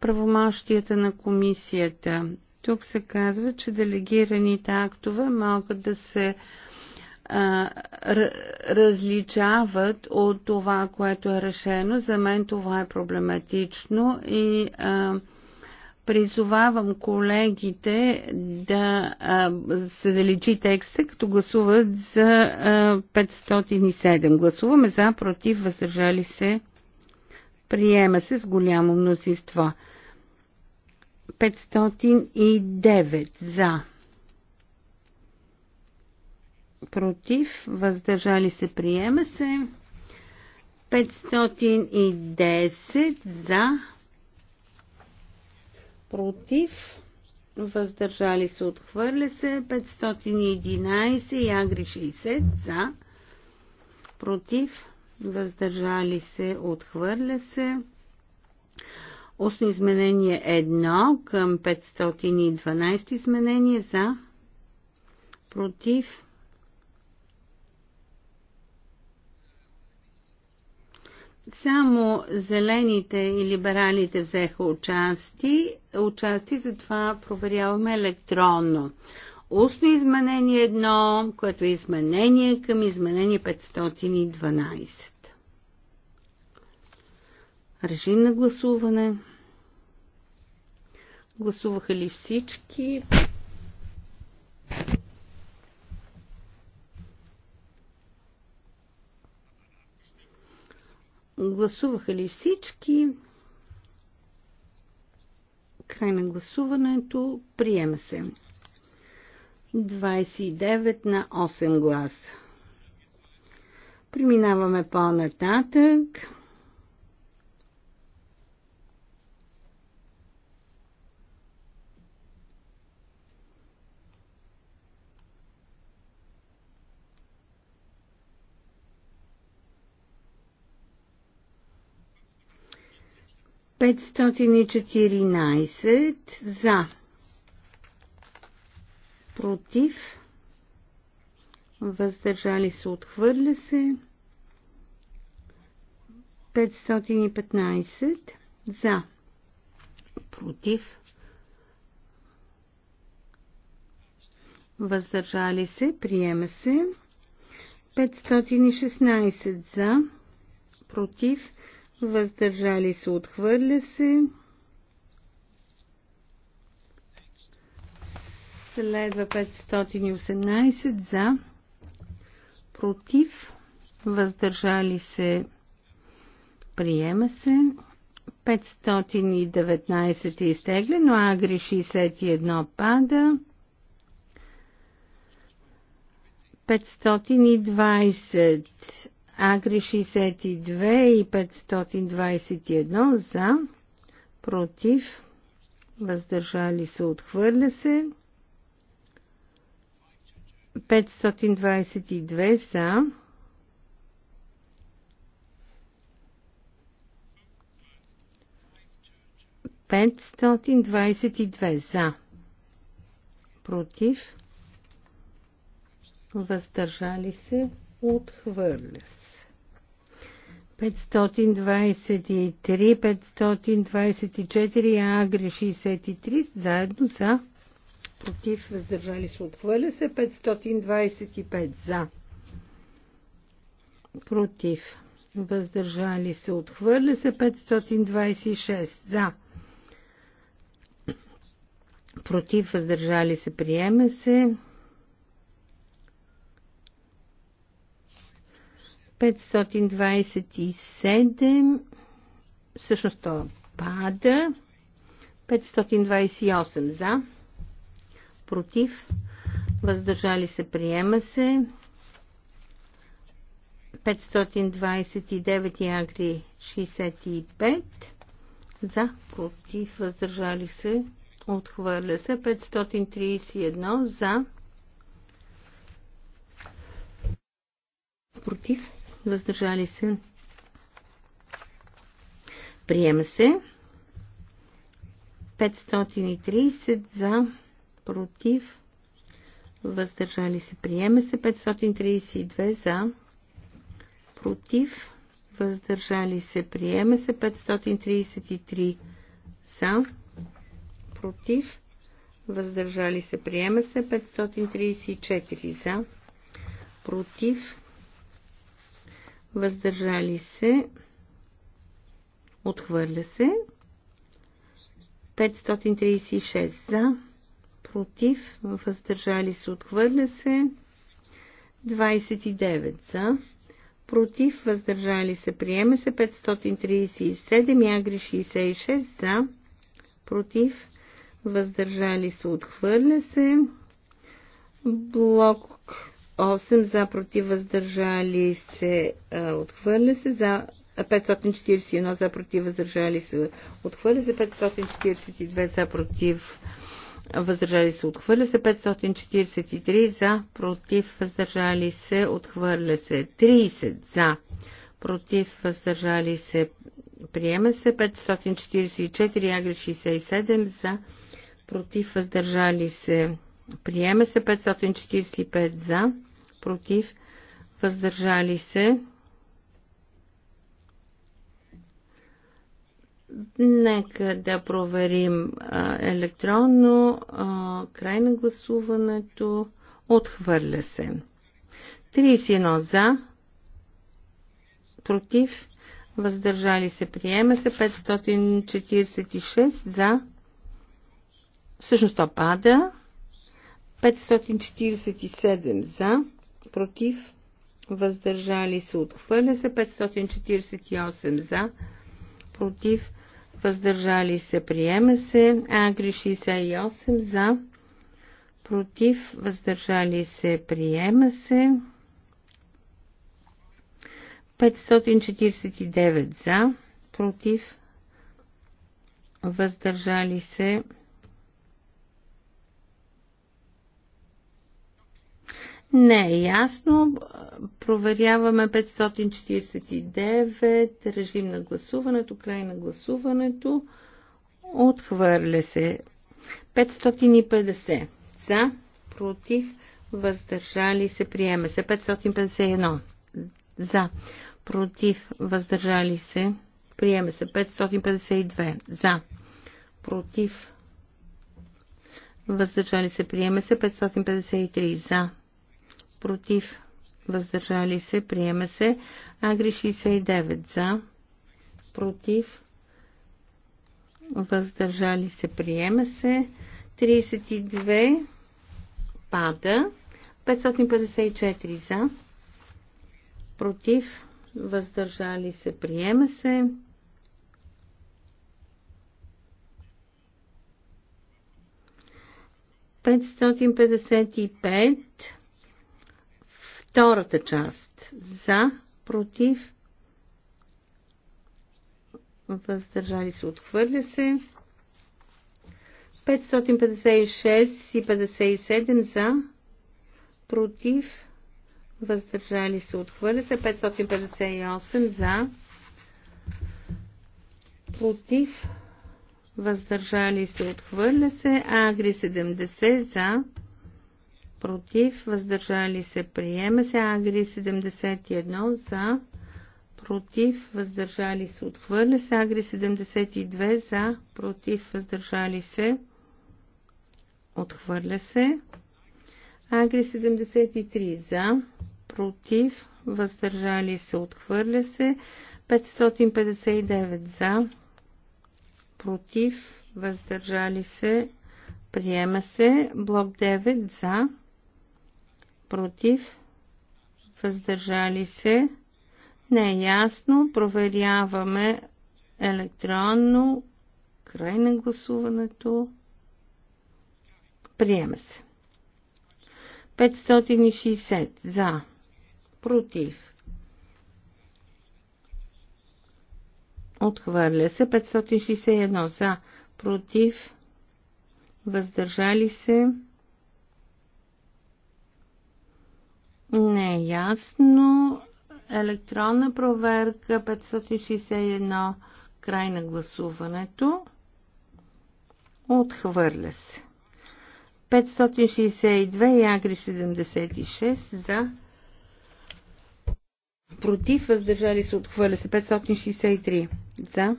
Правомощията на комисията. Тук се казва, че делегираните актове могат да се а, различават от това, което е решено. За мен това е проблематично и а, призовавам колегите да а, се заличи текста, като гласуват за а, 507. Гласуваме за, против, въздържали се. Приема се с голямо мнозинство. 509 за. Против. Въздържали се. Приема се. 510 за. Против. Въздържали се. Отхвърля се. 511 и Агри 60 за. Против. Въздържали се. Отхвърля се. Устно изменение 1 към 512 изменение за против Само зелените и либералите взеха участи, участи затова проверяваме електронно. Устно изменение 1, което е изменение към изменение 512. Режим на гласуване. Гласуваха ли всички? Гласуваха ли всички? Край на гласуването. Приема се. 29 на 8 гласа. Преминаваме по-нататък. 514 за, против, въздържали се, отхвърля се. 515 за, против, въздържали се, приема се. 516 за, против, въздържали се, отхвърля се. Следва 518 за, против, въздържали се, приема се. 519 е изтеглено, Агри 61 пада. 520 Агри 62 и 521 за, против, въздържали се, отхвърля се. 522 за, Петстотин двадесет и две за. Против. Въздържали се. Отхвърля се. 523, 524, Агри 63, заедно за, против, въздържали се, отхвърля се, 525 за, против, въздържали се, отхвърля се, 526 за, против, въздържали се, приема се, 527, всъщност то пада, 528 за, против, въздържали се, приема се, 529 и Агри 65 за, против, въздържали се, отхвърля се, 531 за, против, въздържали се, приема се. 530 за, против, въздържали се, приема се. 532 за, против, въздържали се, приема се. 533 за, против, въздържали се, приема се. 534 за, против, въздържали се, отхвърля се. 536 за, против, въздържали се, отхвърля се. 29 за, против, въздържали се, приема се. 537 Ягри 66 за, против, въздържали се, отхвърля се. Блок 8 за против въздържали се отхвърля се за 541 за против въздържали се отхвърля се 542 за против въздържали се отхвърля се 543 за против въздържали се отхвърля се 30 за против въздържали се приема се 544 агри 67 за против въздържали се приема се 545 за против, въздържали се. Нека да проверим а, електронно а, край на гласуването. Отхвърля се. 31 за, против, въздържали се, приема се 546 за, всъщност то пада, 547 за, против, въздържали се, отхвърля се 548 за, против, въздържали се, приема се, Агри 68 за, против, въздържали се, приема се, 549 за, против, въздържали се, приема се, Не е ясно. Проверяваме 549. Режим на гласуването. Край на гласуването. Отхвърля се. 550. За. Против. Въздържали се. Приема се. 551. За. Против. Въздържали се. Приема се. 552. За. Против. Въздържали се. Приема се. 553. За против, въздържали се, приема се. Агри 69 за, против, въздържали се, приема се. 32 пада. 554 за, против, въздържали се, приема се. 555. Втората част. За, против, въздържали се, отхвърля се. 556 и 57 за, против, въздържали се, отхвърля се. 558 за, против, въздържали се, отхвърля се. Агри 70 за, против, въздържали се, приема се. Агри 71 за, против, въздържали се, отхвърля се. Агри 72 за, против, въздържали се, отхвърля се. Агри 73 за, против, въздържали се, отхвърля се. 559 за, против, въздържали се, приема се. Блок 9 за, против, въздържали се, не е ясно, проверяваме електронно, край на гласуването, приема се. 560 за, против, отхвърля се, 561 за, против, въздържали се, Не е ясно. Електронна проверка 561. Край на гласуването. Отхвърля се. 562 и Агри 76 за против, въздържали се, отхвърля се 563 за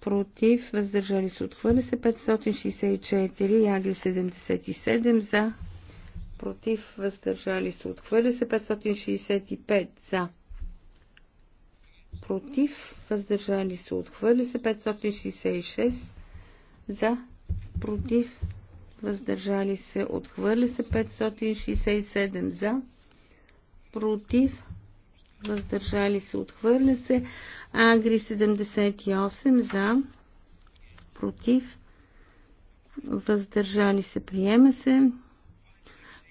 против, въздържали се, отхвърля се 564 и Агри 77 за против, въздържали се, отхвърля се 565 за, против, въздържали се, отхвърля се 566 за, против, въздържали се, отхвърля се 567 за, против, въздържали се, отхвърля се, Агри 78 за, против, въздържали се, приема се,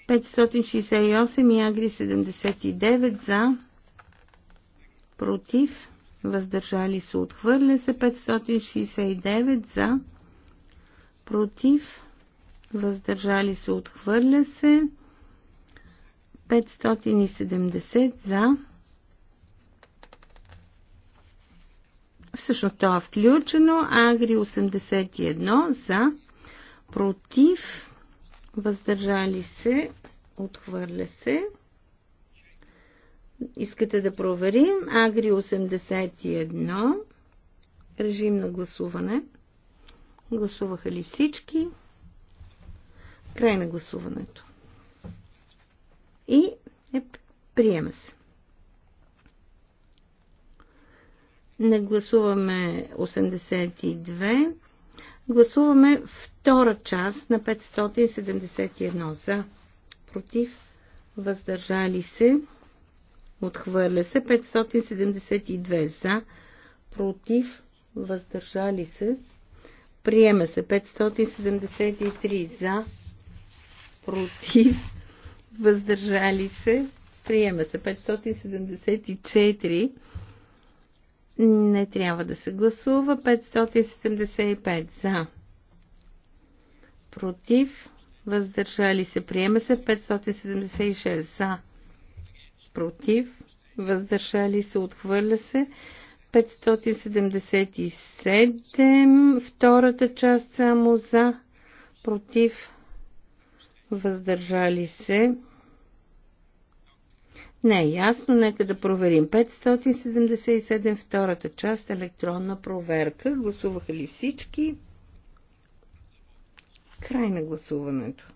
568 и Агри 79 за, против, въздържали се, отхвърля се 569 за, против, въздържали се, отхвърля се 570 за. Всъщност това е включено. Агри 81 за, против, въздържали се, отхвърля се. Искате да проверим Агри 81, режим на гласуване. Гласуваха ли всички? Край на гласуването. И е, приема се. Не гласуваме 82. Гласуваме втора част на 571 за, против, въздържали се, отхвърля се 572 за, против, въздържали се, приема се 573 за, против, въздържали се, приема се 574 не трябва да се гласува. 575 за. Против. Въздържали се. Приема се. 576 за. Против. Въздържали се. Отхвърля се. 577. Втората част само за. Против. Въздържали се. Не е ясно, нека да проверим. 577 втората част електронна проверка. Гласуваха ли всички? Край на гласуването.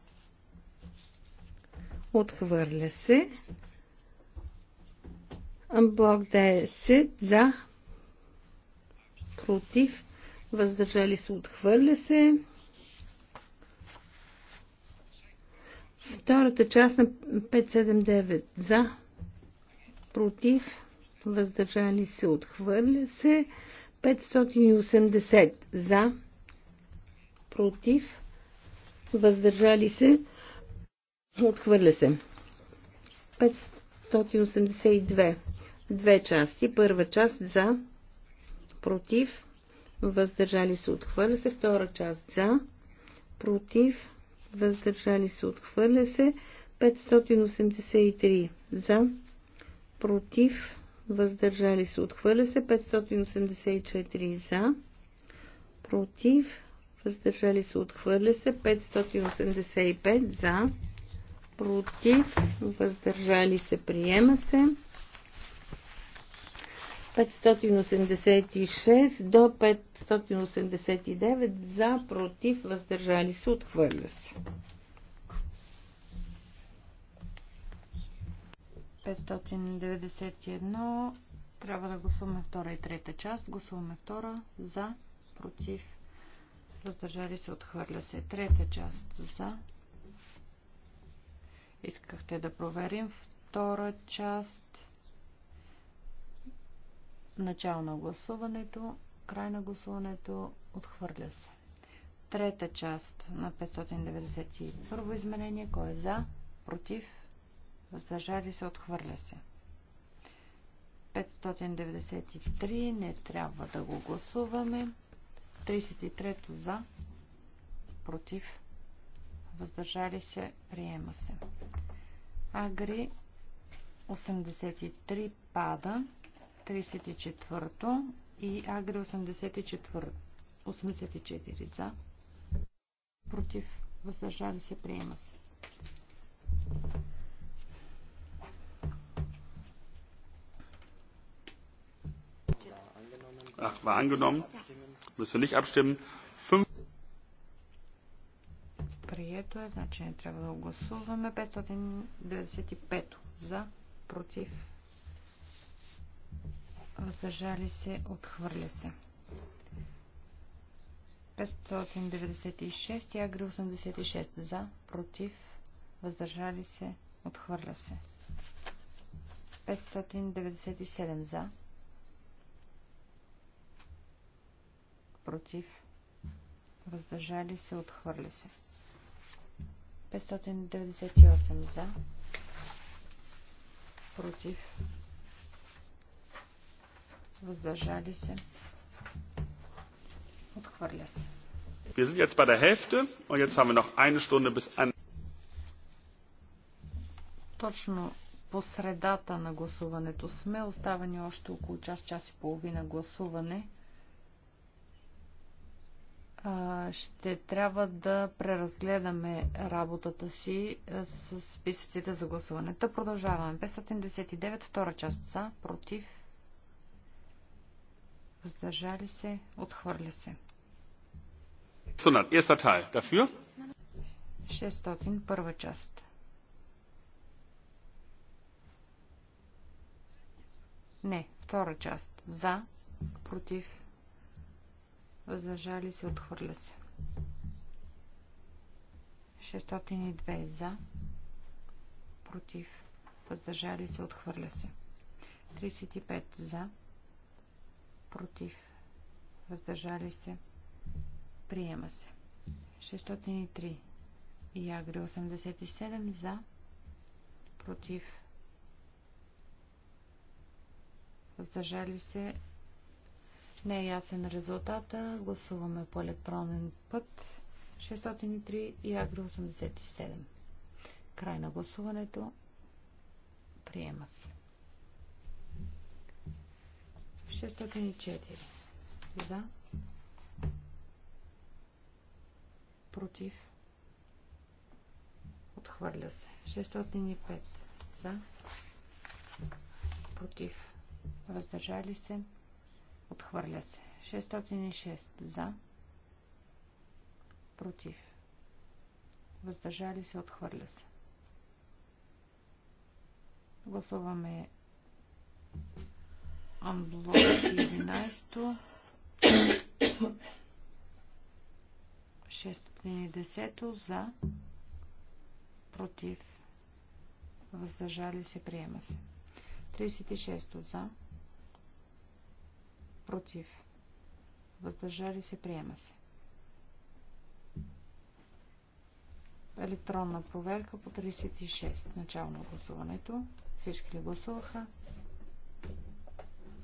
Отхвърля се. Блок 10 за. Против. Въздържали се. Отхвърля се. Втората част на 579 за против, въздържали се, отхвърля се. 580 за, против, въздържали се, отхвърля се. 582. Две части. Първа част за, против, въздържали се, отхвърля се. Втора част за, против, въздържали се, отхвърля се. 583 за, против, въздържали се, отхвърля се, 584 за, против, въздържали се, отхвърля се, 585 за, против, въздържали се, приема се. 586 до 589 за, против, въздържали се, отхвърля се. 591. Трябва да гласуваме втора и трета част. Гласуваме втора за, против, въздържали се, отхвърля се. Трета част за. Искахте да проверим втора част. Начало на гласуването, край на гласуването, отхвърля се. Трета част на 591 изменение. Кой е за? Против? въздържали се, отхвърля се. 593 не трябва да го гласуваме. 33-то за, против, въздържали се, приема се. Агри 83 пада, 34-то и Агри 84, 84 за, против, въздържали се, приема се. 8 war angenommen. Müssen nicht abstimmen. 5. Прието е, значи не трябва да го гласуваме. 595 за, против, въздържали се, отхвърля се. 596 и Агри 86 за, против, въздържали се, отхвърля се. 597 за, против, въздържали се, отхвърля се. 598 за, против, въздържали се, отхвърля се. Wir sind jetzt bei der Hälfte und jetzt haben wir noch eine Stunde bis an. Точно по средата на гласуването сме. Остава ни още около час, час и половина гласуване ще трябва да преразгледаме работата си с списъците за гласуването. Продължаваме. 599, втора част са, против, въздържали се, отхвърля се. 600, първа част. Не, втора част. За, против, въздържали се, отхвърля се. 602 за, против, въздържали се, отхвърля се. 35 за, против, въздържали се, приема се. 603 и агри 87 за, против, въздържали се, не е ясен резултата. Гласуваме по електронен път 603 и Агро 87. Край на гласуването. Приема се. 604. За. Против. Отхвърля се. 605. За. Против. Въздържали се. Отхвърля се. 606 за. Против. Въздържали се. Отхвърля се. Гласуваме Амблок 11 610 за против въздържали се приема се 36 за против, въздържали се, приема се. Електронна проверка по 36. Начало на гласуването. Всички ли гласуваха?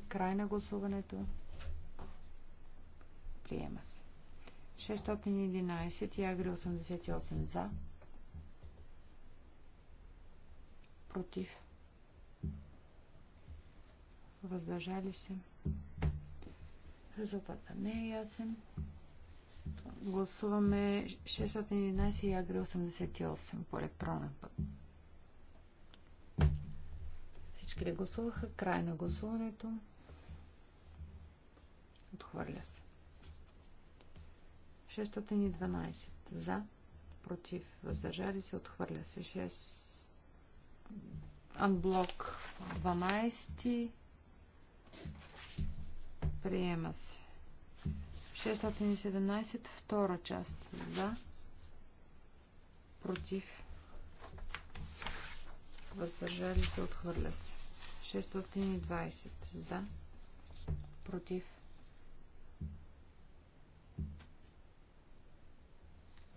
Край на гласуването. Приема се. 611 и Агри 88 за. Против. Въздържали се. Резултата не е ясен. Гласуваме 611 и Агри 88 по електронен път. Всички ли гласуваха? Край на гласуването. Отхвърля се. 612 за, против, въздържали се, отхвърля се 6. Анблок 12. Приема се. 617, втора част. За. Против. Въздържали се. Отхвърля се. 620. За. Против.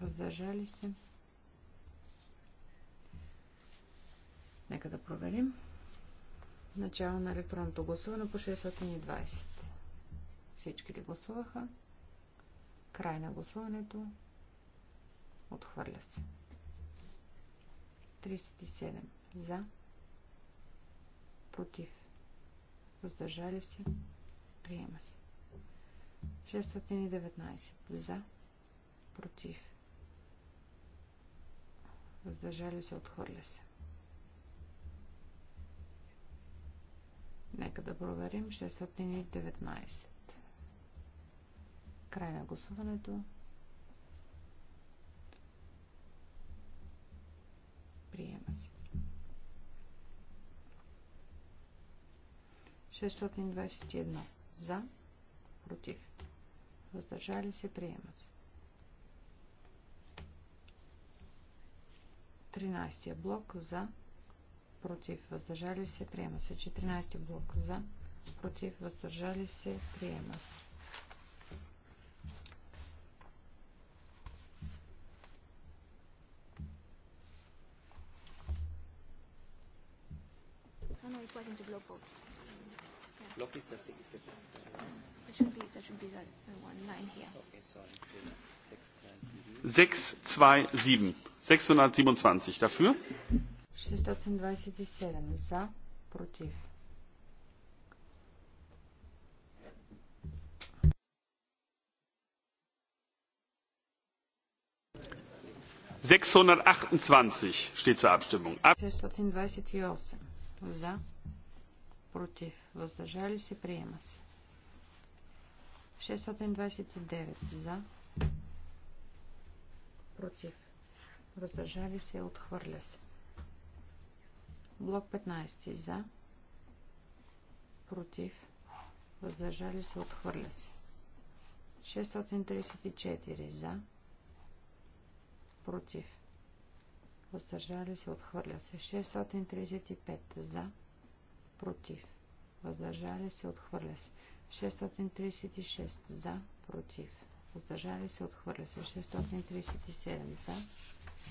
Въздържали се. Нека да проверим. Начало на електронното гласуване по 620. Всички ли гласуваха? Край на гласуването. Отхвърля се. 37. За. Против. Въздържали се. Приема се. 619. За. Против. Въздържали се. Отхвърля се. Нека да проверим 619. Край на гласуването. Приема се. 621. За. Против. Въздържали се. Приема се. 13 я блок за. Против. Въздържали се. Приема се. 14 я блок за. Против. Въздържали се. Приема се. back into block Yeah. Block is the biggest difference. That should be, that should be the one line here. Okay, sorry. 627. 627 dafür. 627 за, против. sechshundertachtundzwanzig steht zur abstimmung. Ab против, въздържали се, приема се. 629 за, против, въздържали се, отхвърля се. Блок 15 за, против, въздържали се, отхвърля се. 634 за, против, въздържали се, отхвърля се. 635 за, против, въздържали се, отхвърля се. 636 за, против, въздържали се, отхвърля се. 637 за,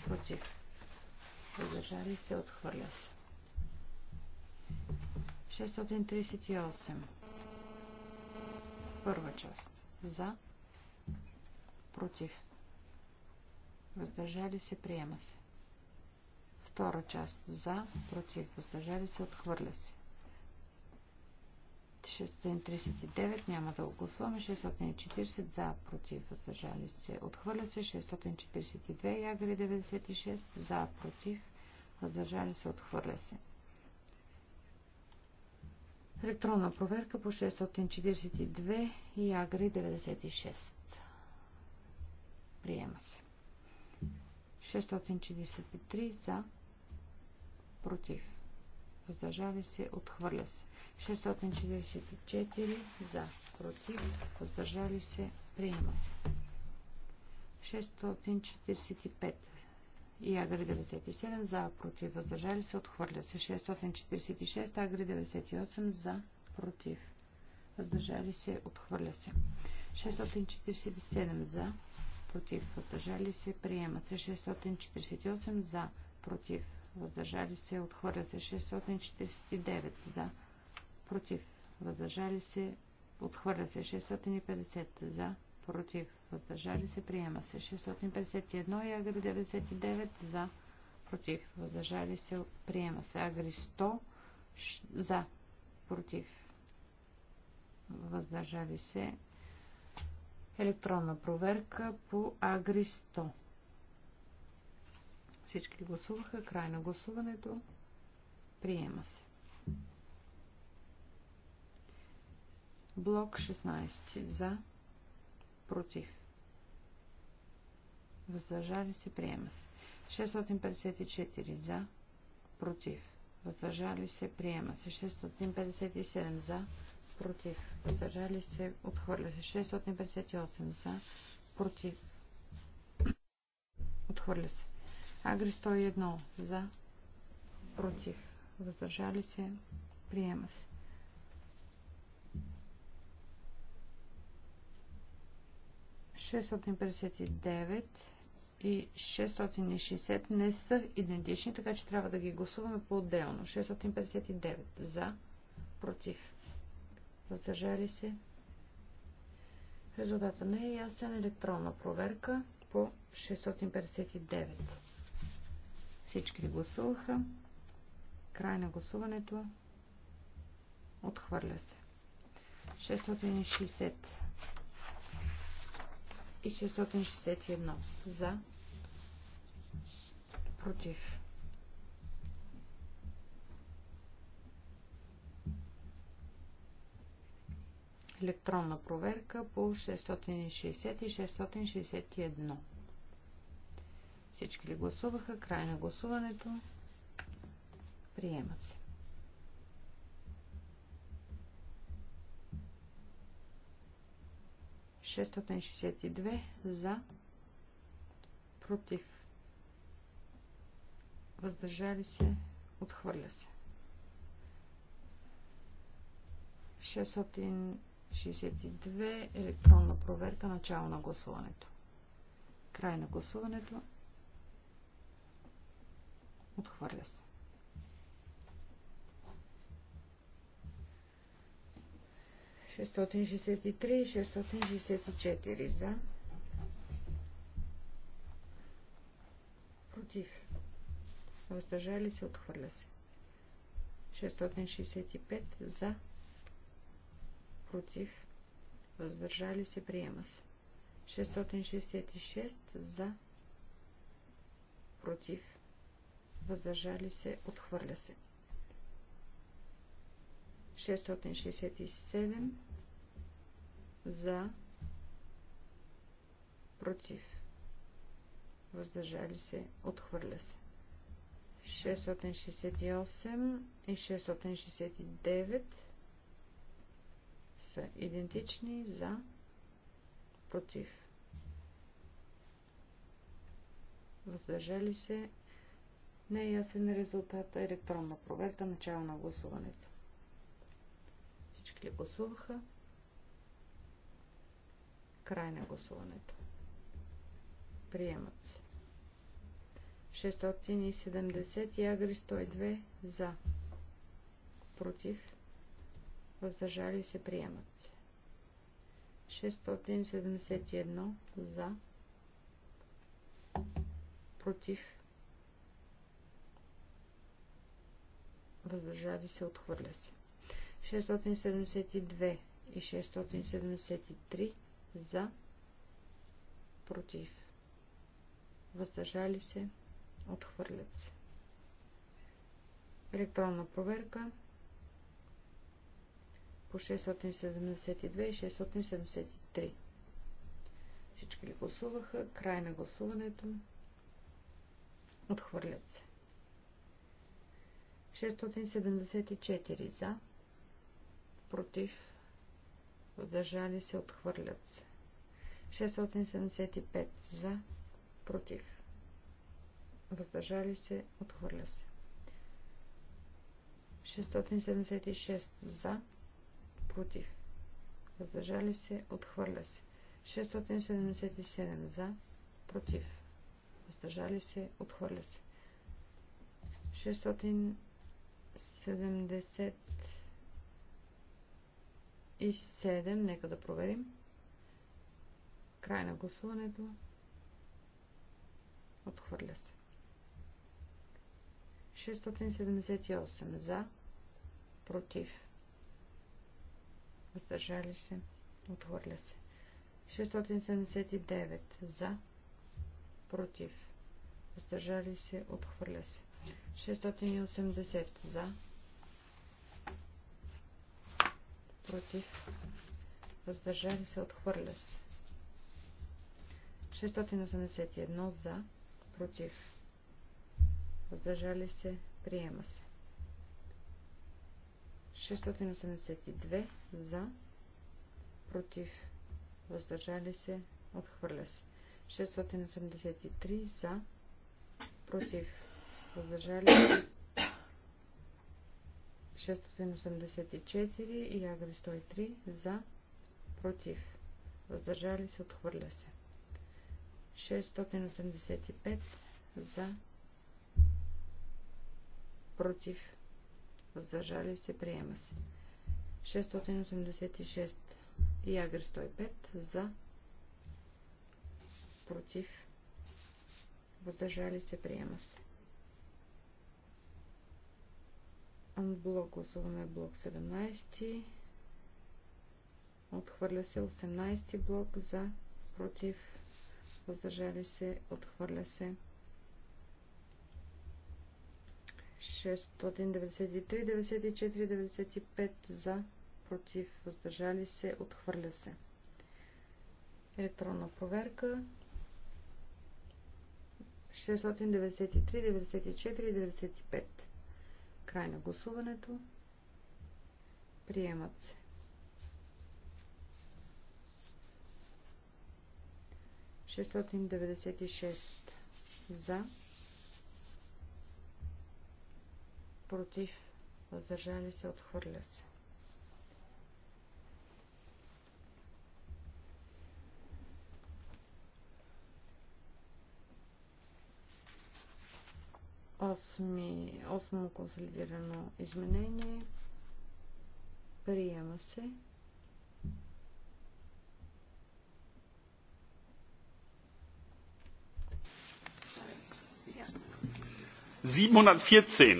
против, въздържали се, отхвърля се. 638 Първа част за, против, въздържали се, приема се. Втора част за, против, въздържали се, отхвърля се. 639 няма да огласуваме, 640 за, против, въздържали се. Отхвърля се 642, ягри 96 за, против, въздържали се, отхвърля се. Електронна проверка по 642 и агри 96. Приема се. 643 за, против, въздържали се, отхвърля се. 644 за, против, въздържали се, приема се. 645 и Агри 97 за, против, въздържали се, отхвърля се. 646, Агри 98 за, против, въздържали се, отхвърля се. 647 за, против, въздържали се, приема се. 648 за, против, въздържали се, отхвърля се. 649 за, против, въздържали се, отхвърля се. 650 за, против, въздържали се, приема се. 651 и агри 99 за, против, въздържали се, приема се. Агри 100 за, против, въздържали се. Електронна проверка по Агри 100. Всички гласуваха. Край на гласуването. Приема се. Блок 16 за, против. Въздържали се, приема се. 654 за, против. Въздържали се, приема се. 657 за, против. Въздържали се, отхвърля се. 658 за, против. Отхвърля се. Агри 101 за, против, въздържали се, приема се. и 660 не са идентични, така че трябва да ги гласуваме по-отделно. 659 за, против, въздържали се. Резултата не е ясен електронна проверка по 659. Всички ли гласуваха? Край на гласуването. Отхвърля се. 660 и 661 за против. Електронна проверка по 660 и 661. Всички ли гласуваха? Край на гласуването. Приемат се. Шестотен за против въздържали се отхвърля се 662 електронна проверка начало на гласуването край на гласуването Отхвърля се. Шестотин и 664 и за. Против. Въздържали се, отхвърля се. 665 за. Против. Въздържали се, приема се. 666 за. Против въздържали се, отхвърля се. 667 за, против, въздържали се, отхвърля се. 668 и 669 са идентични за, против, въздържали се, не е ясен резултат. Електронна проверка. Начало на гласуването. Всички ли гласуваха? Край на гласуването. Приемат се. 670 и Агри 102 за. Против. Въздържали се. Приемат се. 671 за. Против въздържали се, отхвърля се. 672 и 673 за, против, въздържали се, отхвърлят се. Електронна проверка по 672 и 673. Всички ли гласуваха? Край на гласуването. Отхвърлят се. 674 за, против, въздържали се, отхвърлят се. 675 за, против, въздържали се, отхвърля се. 676 за, против, въздържали се, отхвърля се. 677 за, против, въздържали се, отхвърля се. 600 77. Нека да проверим. Край на гласуването. Отхвърля се. 678 за, против, въздържали се, отхвърля се. 679 за, против, въздържали се, отхвърля се. 680 за, против, въздържали се, отхвърля се. 681 за, против, въздържали се, приема се. 682 за, против, въздържали се, отхвърля се. 683 за, против, въздържали се, 684 и Агри 103 за, против, въздържали се, отхвърля се. 685 за, против, въздържали се, приема се. 686 и Агри 105 за, против, въздържали се, приема се. Анблок гласуваме блок 17. Отхвърля се 18 блок за, против, въздържали се, отхвърля се. 693, 94, 95 за, против, въздържали се, отхвърля се. Електронна проверка. 693, 94, 95. Край на гласуването. Приемат се. 696 за, против, въздържали се, отхвърля се. Осми, осмо консолидирано изменение. Приема се. siebenhundertvierzehn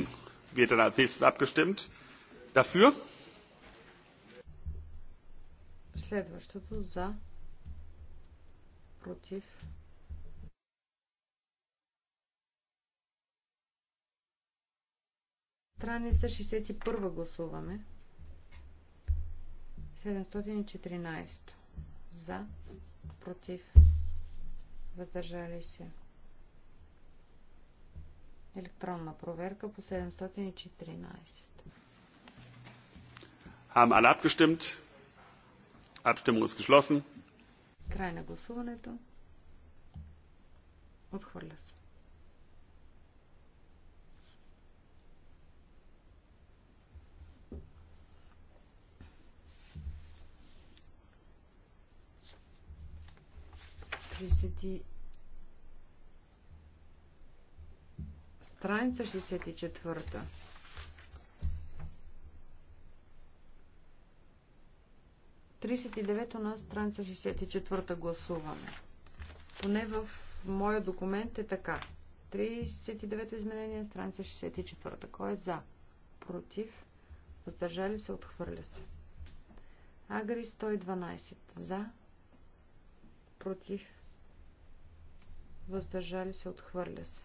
wird dann als nächstes abgestimmt. Dafür? Следващото за против Страница 61 гласуваме. 714. За, против, въздържали се. Електронна проверка по 714. Haben alle abgestimmt? Abstimmung ist geschlossen. Край на гласуването. Отхвърля се. 60 страница 64 39 на страница 64 гласуваме. Поне в моя документ е така. 39 изменение, страница 64. Кой е за? Против? Въздържали се? Отхвърля се. Агри 112. За? Против? въздържали се, отхвърля се.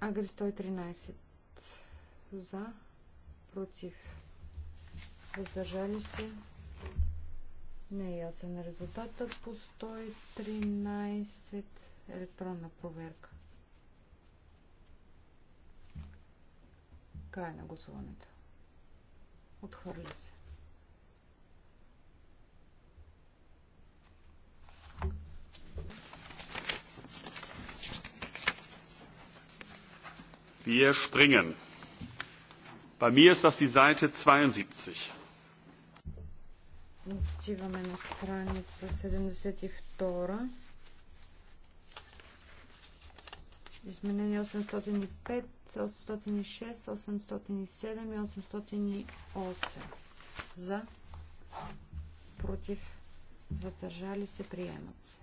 Агри 113 за, против, въздържали се. Не е ясен резултата по 113 електронна проверка. Край на гласуването. Отхвърля се. Wir springen. Bei mir ist das die Seite 72. Отиваме на страница 72. Изменение 806, 807 и 808. За, против, въздържали се, приемат се.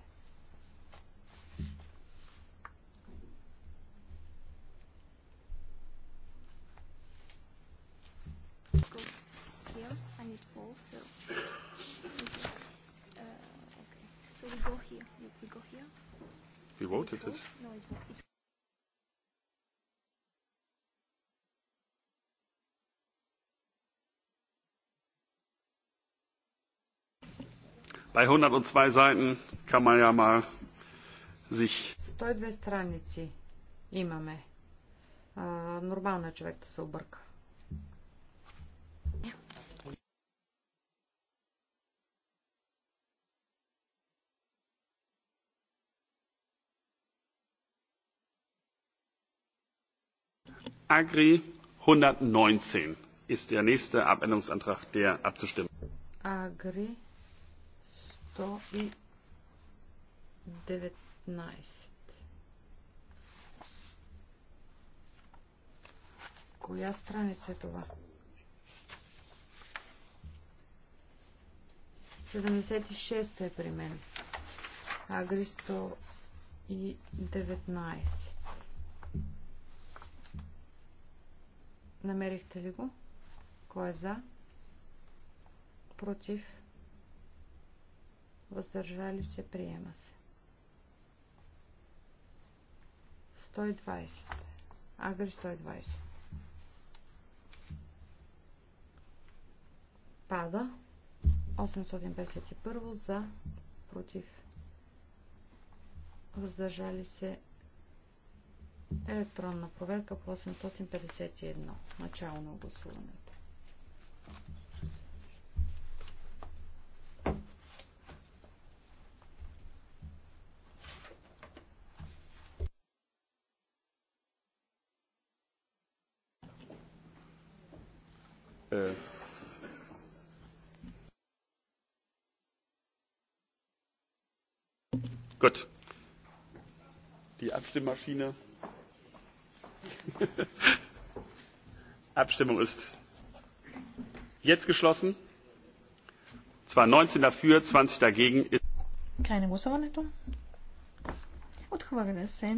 We voted it. No, Bei 102 Seiten kann man ja mal sich... 102 страници имаме. нормално човек да се обърка. Agri 119 ist der nächste Abänderungsantrag, der abzustimmen. Agri 119. 119. Коя страница е това? 76 е при мен. Агри 119. Намерихте ли го? Кой е за? Против? въздържали се, приема се. 120. Агри 120. Пада. 851 за против. Въздържали се електронна проверка по 851. Начало на гласуването. Abstimmmaschine. Abstimmung ist jetzt geschlossen. Zwar 19 dafür, 20 dagegen. Край на гласуването. Отхвърля е се.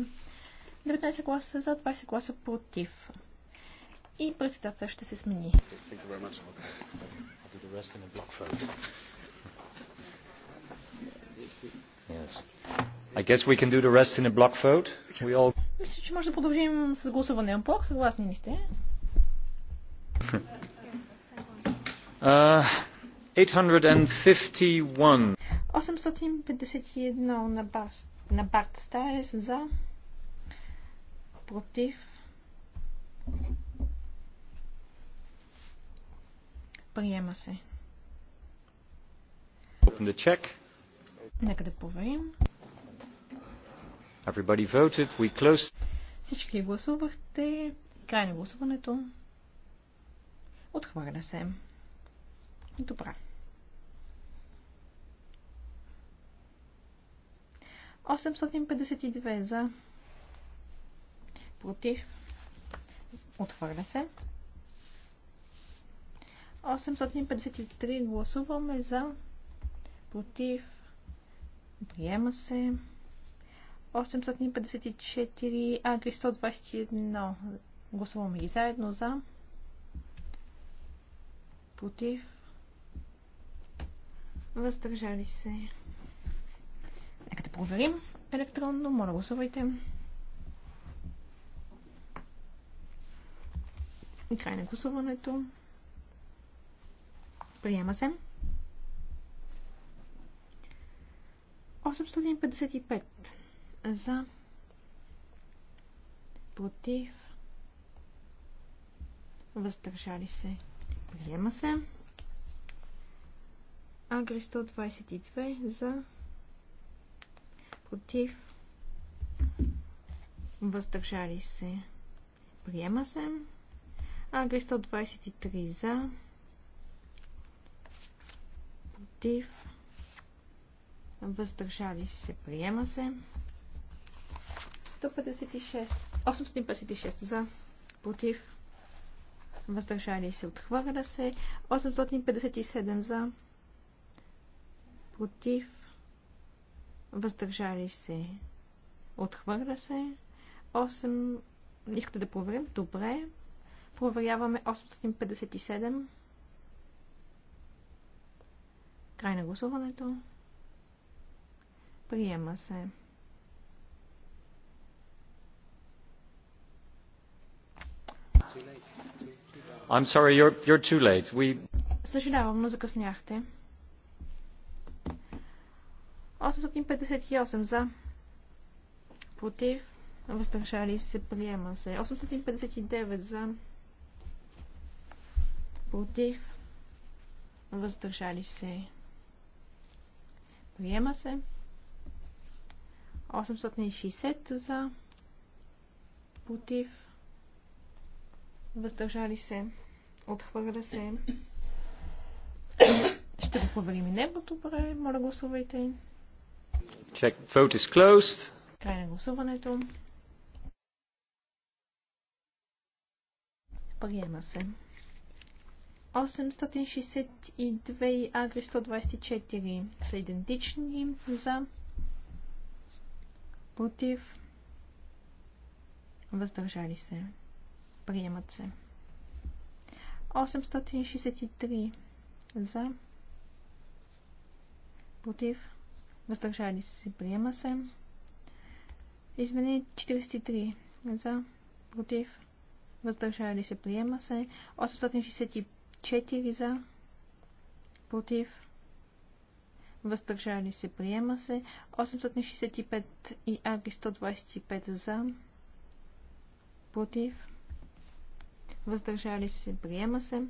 19 гласа за, 20 гласа против. И председател ще се смени. Yes. Мисля, че може да продължим с гласуване на блок. Съгласни ли сте? 851. Uh, на, Бас, на Барт Старес за против Приема се. Нека да проверим. Everybody voted. We closed. Всички гласувахте. Край на гласуването. Отхвърля се. Добре. Осемстотин за. Против. Отхвърля се. 853 гласуваме за. Против. Приема се. 854 Агри 121. Гласуваме ги заедно за. Против. Въздържали се. Нека да проверим електронно. Моля, гласувайте. И край на гласуването. Приема се. 855 за, против, въздържали се, приема се. Агри 122 за, против, въздържали се, приема се. Агри 123 за, против, въздържали се, приема се. 156. 856 за. Против. Въздържали се. Отхвърля се. 857 за. Против. Въздържали се. Отхвърля се. 8. Искате да проверим? Добре. Проверяваме 857. Край на гласуването. Приема се. I'm sorry, you're, you're too late. We... Съжалявам, но закъсняхте. 858 за. Против. Въздържали се. Приема се. 859 за. Против. Въздържали се. Приема се. 860 за. Против въздържали се, отхвърля се. Ще го проверим и него, добре, моля гласувайте. Check. Vote is closed. Край на гласуването. Приема се. 862 и Агри 124 са идентични за против въздържали се. Приемат се. 863 за. Против. Въздържали се. Приема се. Извини, 43 за. Против. Въздържали се. Приема се. 864 за. Против въздържали се, приема се, 865 и Аги 125 за, против, въздържали се, приема се.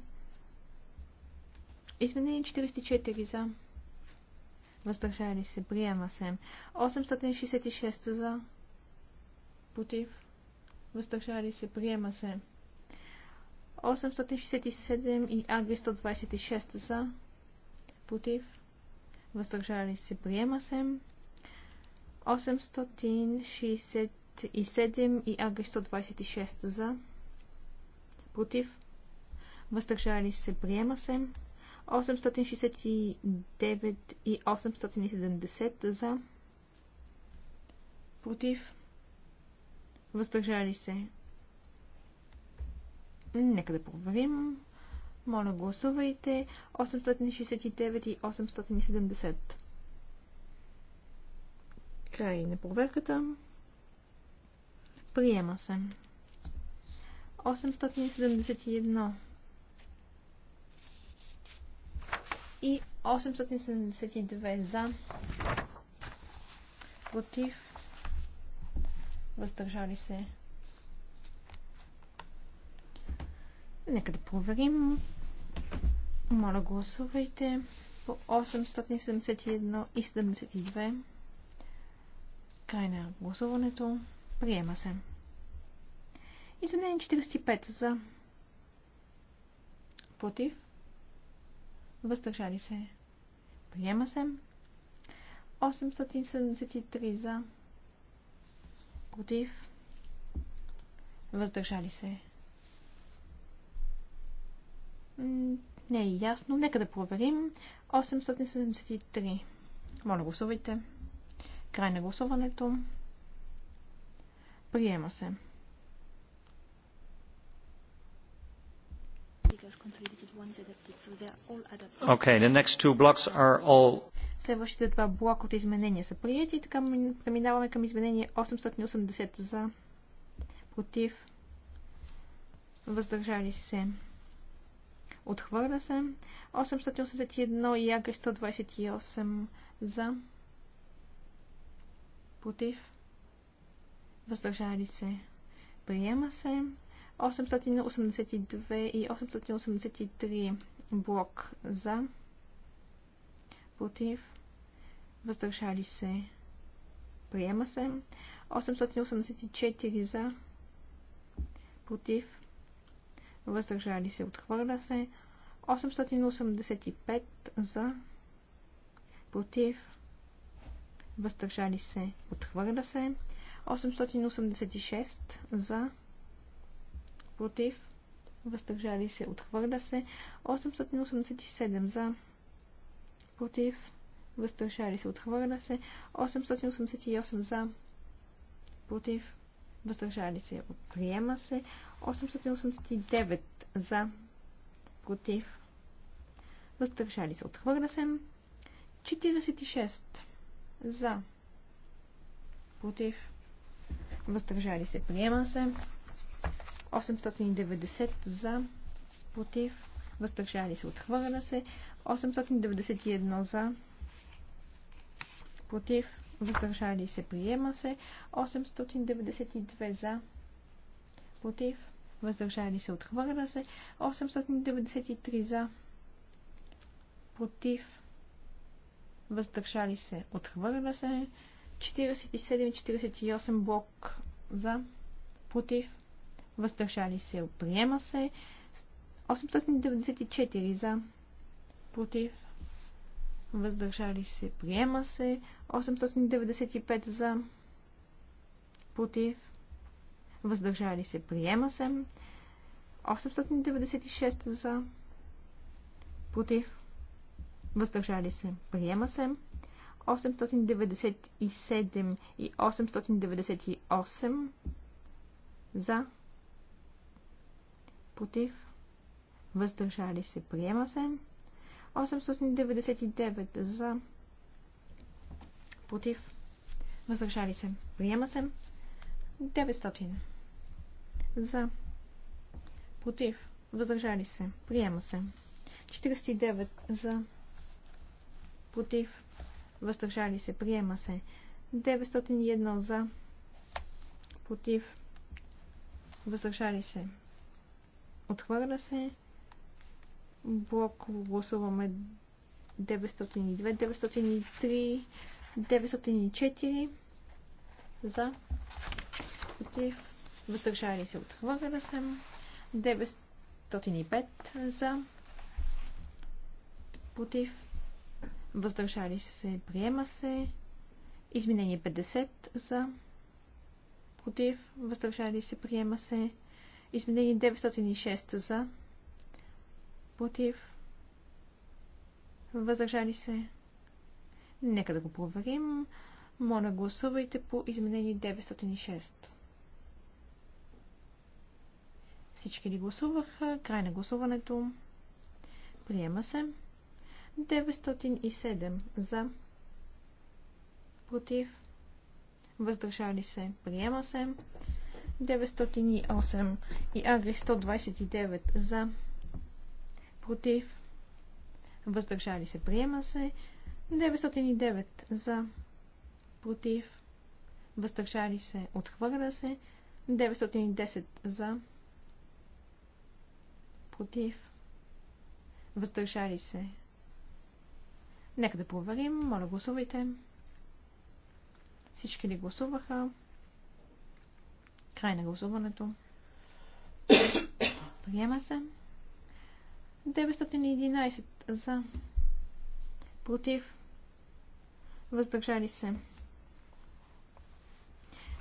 Изменение 44 за, въздържали се, приема се. 866 за, против, въздържали се, приема се. 867 и Агри 126 за, против, въздържали се, приема се. 867 и Агри 126 за, против, въздържали се, приема се. 869 и 870 за, против, въздържали се. Нека да проверим. Моля, гласувайте 869 и 870. Край на проверката. Приема се. 871 и 872 за, против, въздържали се. Нека да проверим. Моля гласувайте по 871 и 72. Край на гласуването. Приема се. Изменение 45 за. Против. Въздържали се. Приема се. 873 за. Против. Въздържали се. Не е ясно. Нека да проверим. 873. Моля, гласувайте. Край на гласуването. Приема се. Okay, the next two blocks are all Следващите два блока от изменения са приети. Така преминаваме към изменение 880 за, против, въздържали се, отхвърля се. 881 и Агри 128 за, против, въздържали се, приема се. 882 и 883 блок за, против, въздържали се, приема се. 884 за, против, въздържали се, отхвърля се. 885 за, против, въздържали се, отхвърля се. 886 за, против, против, въздържали се, отхвърля се. 887 за, против, въздържали се, отхвърля се. 888 за, против, въздържали се, приема се. 889 за, против, въздържали се, отхвърля се. 46 за, против, въздържали се, приема се. 890 за, против, въздържали се, отхвърля се. 891 за, против, въздържали се, приема се. 892 за, против, въздържали се, отхвърля се. 893 за, против, въздържали се, отхвърля се. 47 48 блок за, против, въздържали се, приема се. 894 за, против, въздържали се, приема се. 895 за, против, въздържали се, приема се. 896 за, против, въздържали се, приема се. 897 и 898 за, против, въздържали се, приема се. 899 за, против, въздържали се, приема се. 900 за, против, въздържали се, приема се. 49 за, против, въздържали се, приема се. 901 за, против, въздържали се, Отхвърля се. Блок гласуваме 902, 903, 904 за, против, въздържали се, отхвърля се. 905 за, против, въздържали се, приема се. Изменение 50 за, против, въздържали се, приема се. Изменение 906 за. Против. Въздържали се. Нека да го проверим. Моля, гласувайте по изменение 906. Всички ли гласуваха? Край на гласуването. Приема се. 907 за. Против. Въздържали се. Приема се. 908 и Агри 129 за против въздържали се приема се 909 за против въздържали се отхвърля се 910 за против въздържали се Нека да проверим. Моля, гласувайте. Всички ли гласуваха? Край на гласуването. Приема се. 911 за. Против. Въздържали се.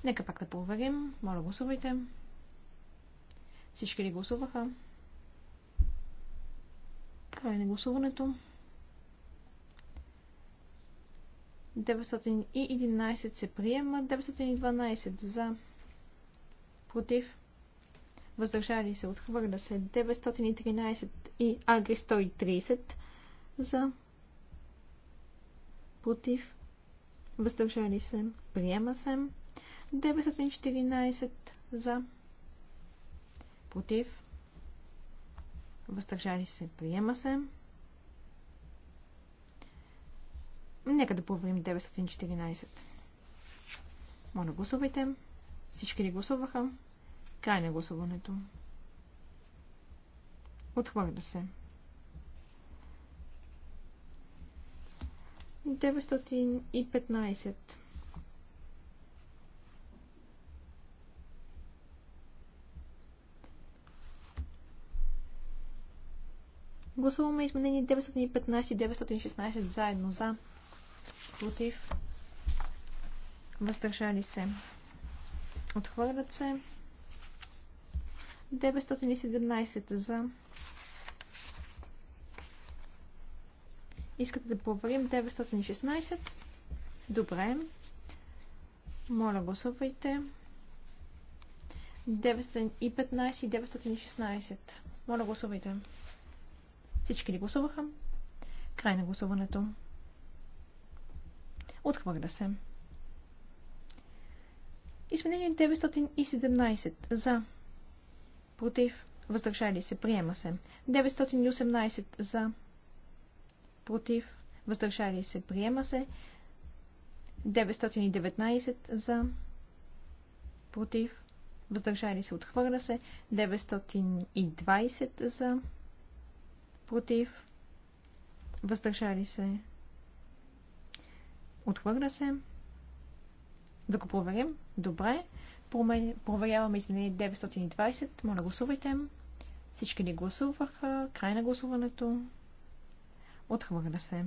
Нека пак да проверим. Моля, гласувайте. Всички ли гласуваха? Край на гласуването. 911 се приема, 912 за против, въздържали се, отхвърля се 913 и Агри 130 за против, въздържали се, приема се 914 за против, въздържали се, приема се. Нека да проверим 914. Моля, гласувайте. Всички ли гласуваха? Край на гласуването. Отхвърля се. 915. Гласуваме изменение 915 и 916 заедно за, против, въздържали се. Отхвърлят се. 917 за. Искате да проверим 916? Добре. Моля, гласувайте. 915 и 916. Моля, гласувайте. Всички ли гласуваха? Край на гласуването. Отхвърля се. Изменение 917. За против, въздържали се, приема се. 918 за, против, въздържали се, приема се. 919 за, против, въздържали се, отхвърля се. 920 за, против, въздържали се, отхвърля се. Да го проверим. Добре. Проверяваме изменение 920. Моля, гласувайте. Всички ли гласуваха? Край на гласуването. Отхвърля се.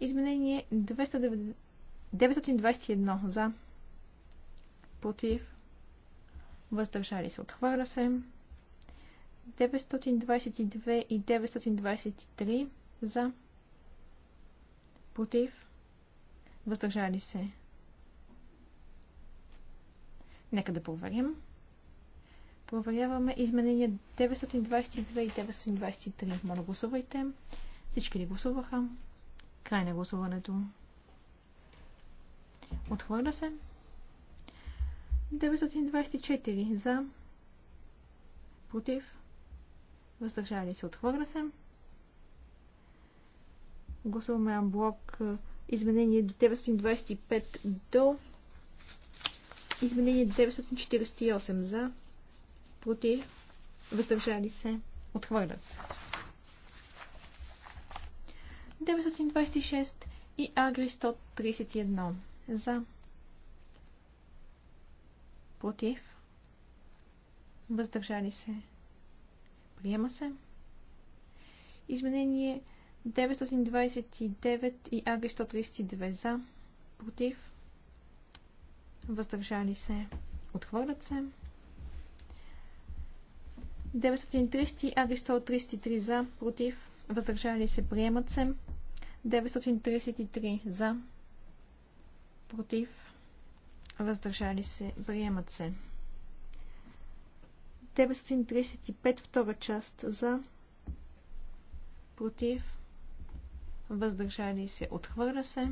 Изменение 921 за. Против. Въздържали се. Отхвърля се. 922 и 923 за. Против. Въздържали се. Нека да проверим. Проверяваме изменения 922 и 923. Моля, гласувайте. Всички ли гласуваха? Край на гласуването. Отхвърля се. 924 за. Против. Въздържали се. Отхвърля се. Гласуваме блок изменение до 925 до Изменение 948 за, против, въздържали се, отхвърлят се. 926 и Агри 131 за, против, въздържали се, приема се. Изменение 929 и Агри 132 за, против, въздържали се, отхвърлят се. 930 ари 133 за, против, въздържали се, приемат се. 933 за, против, въздържали се, приемат се. 935 втора част за, против, въздържали се, отхвърля се.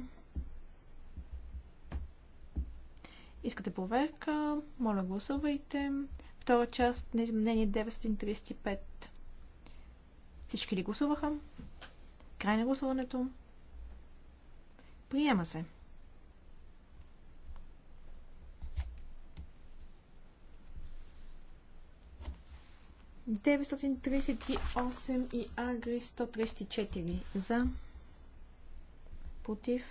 Искате проверка? Моля гласувайте. Втора част на изменение 935. Всички ли гласуваха? Край на гласуването. Приема се. Деветстотин и Агри 134 за против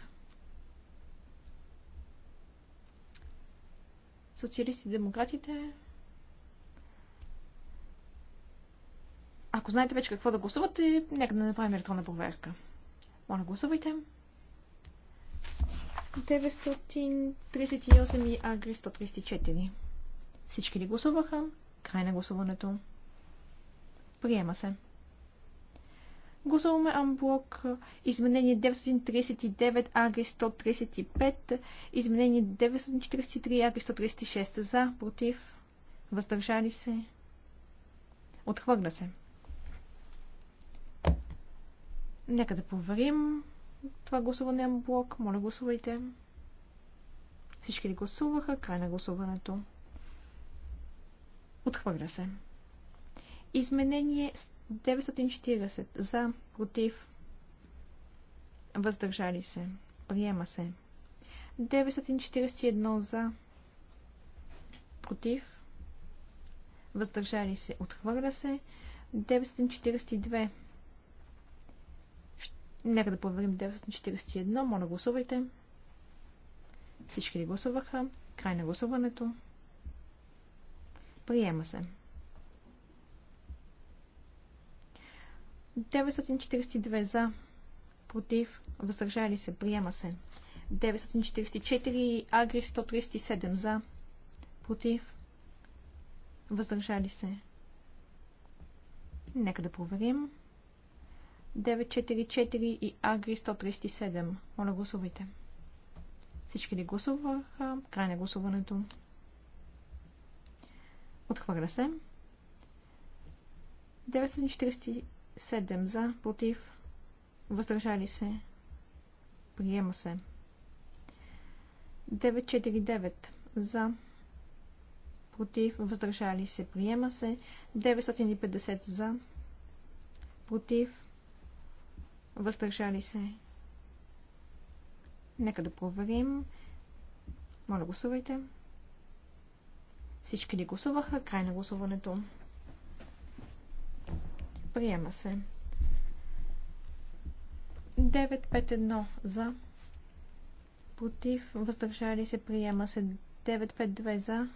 социалисти и демократите. Ако знаете вече какво да гласувате, нека да направим електронна проверка. Моля, гласувайте. 938 и Агри 134. Всички ли гласуваха? Край на гласуването. Приема се. Гласуваме Амблок изменение 939 АГ 135, изменение 943 АГ 136 за, против, въздържали се, отхвърля се. Нека да проверим това гласуване Амблок. Моля гласувайте. Всички ли гласуваха? Край на гласуването. Отхвърля се. Изменение 100. 940 за, против, въздържали се, приема се. 941 за, против, въздържали се, отхвърля се. 942. Нека да проверим 941. Моля, гласувайте. Всички ли гласуваха? Край на гласуването. Приема се. 942 за, против, въздържали се, приема се. 944 Агри 137 за, против, въздържали се. Нека да проверим. 944 и Агри 137. Моля гласувайте. Всички ли гласуваха? Край на гласуването. Отхвърля се. 940 7 за, против, въздържали се, приема се. 949 за, против, въздържали се, приема се. 950 за, против, въздържали се. Нека да проверим. Моля, гласувайте. Всички ли гласуваха? Край на гласуването. Приема се. 951 за. Против. Въздържали се. Приема се. 952 за.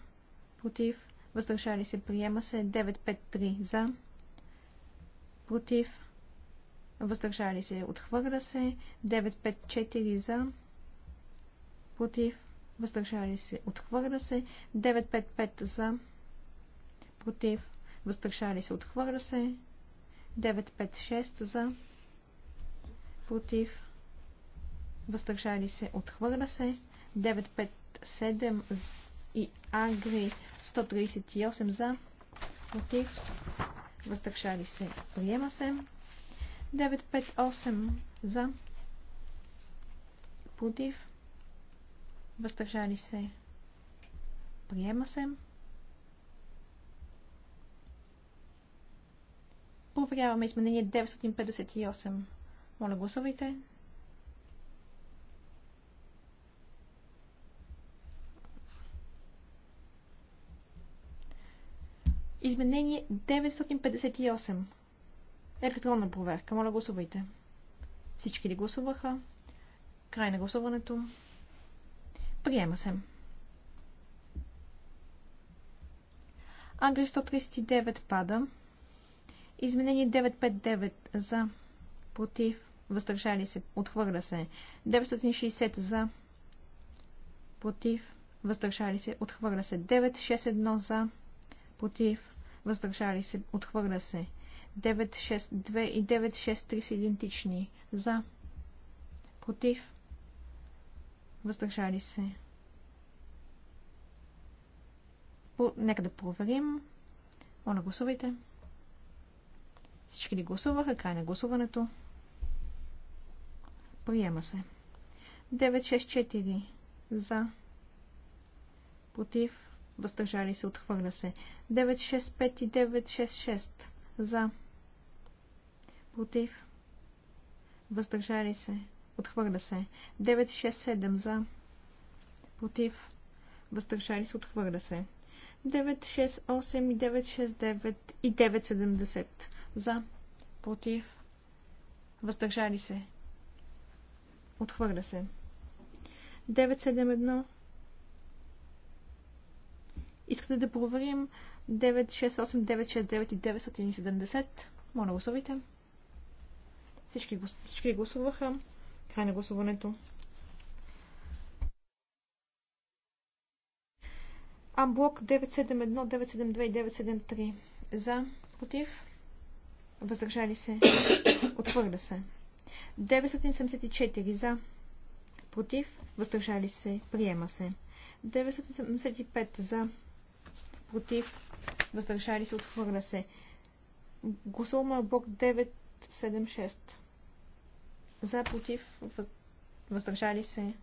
Против. Въздържали се. Приема се. 953 за. Против. Въздържали се. Отхвърля се. 954 за. Против. Въздържали се. Отхвърля се. 955 за. Против. Въздържали се. Отхвърля се. 956 за против въздържали се отхвърля се 957 и Агри 138 за против въздържали се приема се 958 за против въздържали се приема се Проверяваме изменение 958. Моля, гласувайте. Изменение 958. Електронна проверка. Моля, гласувайте. Всички ли гласуваха? Край на гласуването. Приема се. Англи 139 пада. Изменение 959 за, против, въздържали се, отхвърля се. 960 за, против, въздържали се, отхвърля се. 961 за, против, въздържали се, отхвърля се. 962 и 963 са идентични. За, против, въздържали се. По... Нека да проверим. Моля, гласувайте. Всички ли гласуваха? Край на гласуването. Приема се. 964 за. Против. Въздържали се. Отхвърля се. 965 и 966 за. Против. Въздържали се. Отхвърля се. 967 за. Против. Въздържали се. Отхвърля се. 968 и 969 и 970 за, против, въздържали се, отхвърля се. 971. Искате да проверим 968, 969 и 970. Моля, гласувайте. Всички, всички гласуваха. Край на гласуването. А блок 971, 972 и 973. За, против, Въздържали се. отвърля се. 974 за. Против. Въздържали се. Приема се. 975 за. Против. Въздържали се. Отхвърля се. Гласуваме блок 976. За. Против. Въздържали се.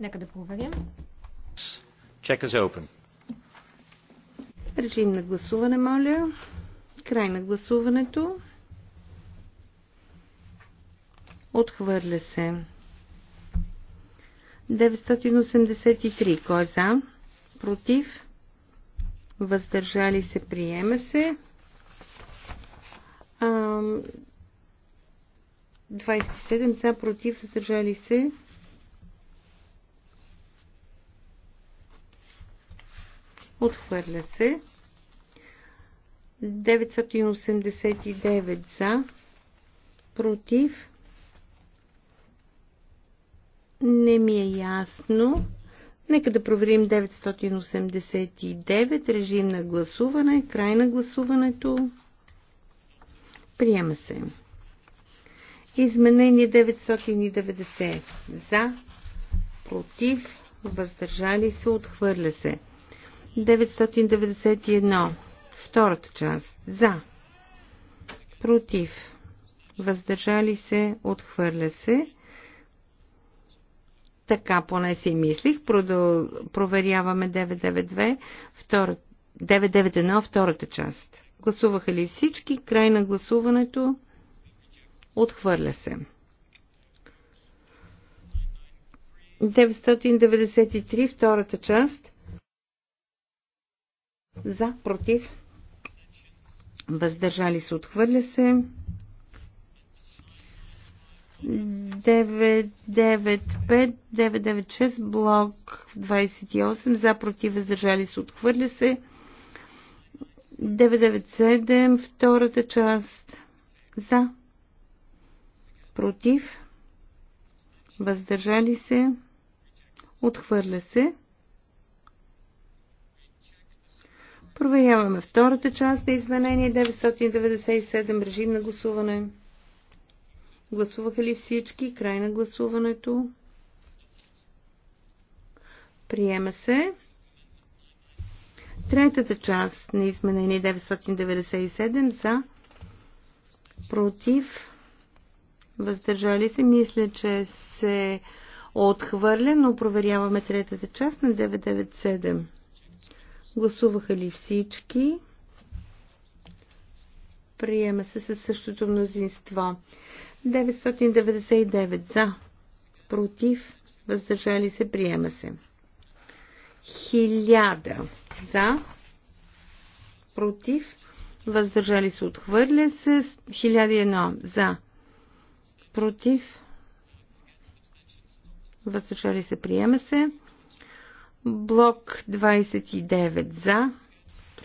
Нека да проверим. Чека за open. Режим на гласуване, моля. Край на гласуването. Отхвърля се. 983. Кой е за? Против? Въздържали се? Приема се. 27 за, против, въздържали се. Отхвърлят се. 989 за, против. Не ми е ясно. Нека да проверим 989. Режим на гласуване. Край на гласуването. Приема се. Изменение 990. За, против, въздържали се, отхвърля се. 991. Втората част. За. Против. Въздържали се. Отхвърля се. Така поне си мислих. Продъл... Проверяваме 992, втора... 991, втората част. Гласуваха ли всички? Край на гласуването. Отхвърля се. 993, втората част. За, против, въздържали се, отхвърля се. 995-996 блок 28 за против въздържали се отхвърля се 997 втората част за против въздържали се отхвърля се Проверяваме втората част на изменение 997 режим на гласуване. Гласуваха ли всички? Край на гласуването. Приема се. Третата част на изменение 997 за против въздържали се. Мисля, че се отхвърля, но проверяваме третата част на 997. Гласуваха ли всички? Приема се със същото мнозинство. 999 за, против, въздържали се, приема се. 1000 за, против, въздържали се, отхвърля се. 1001 за, против, въздържали се, приема се. Блок 29 за,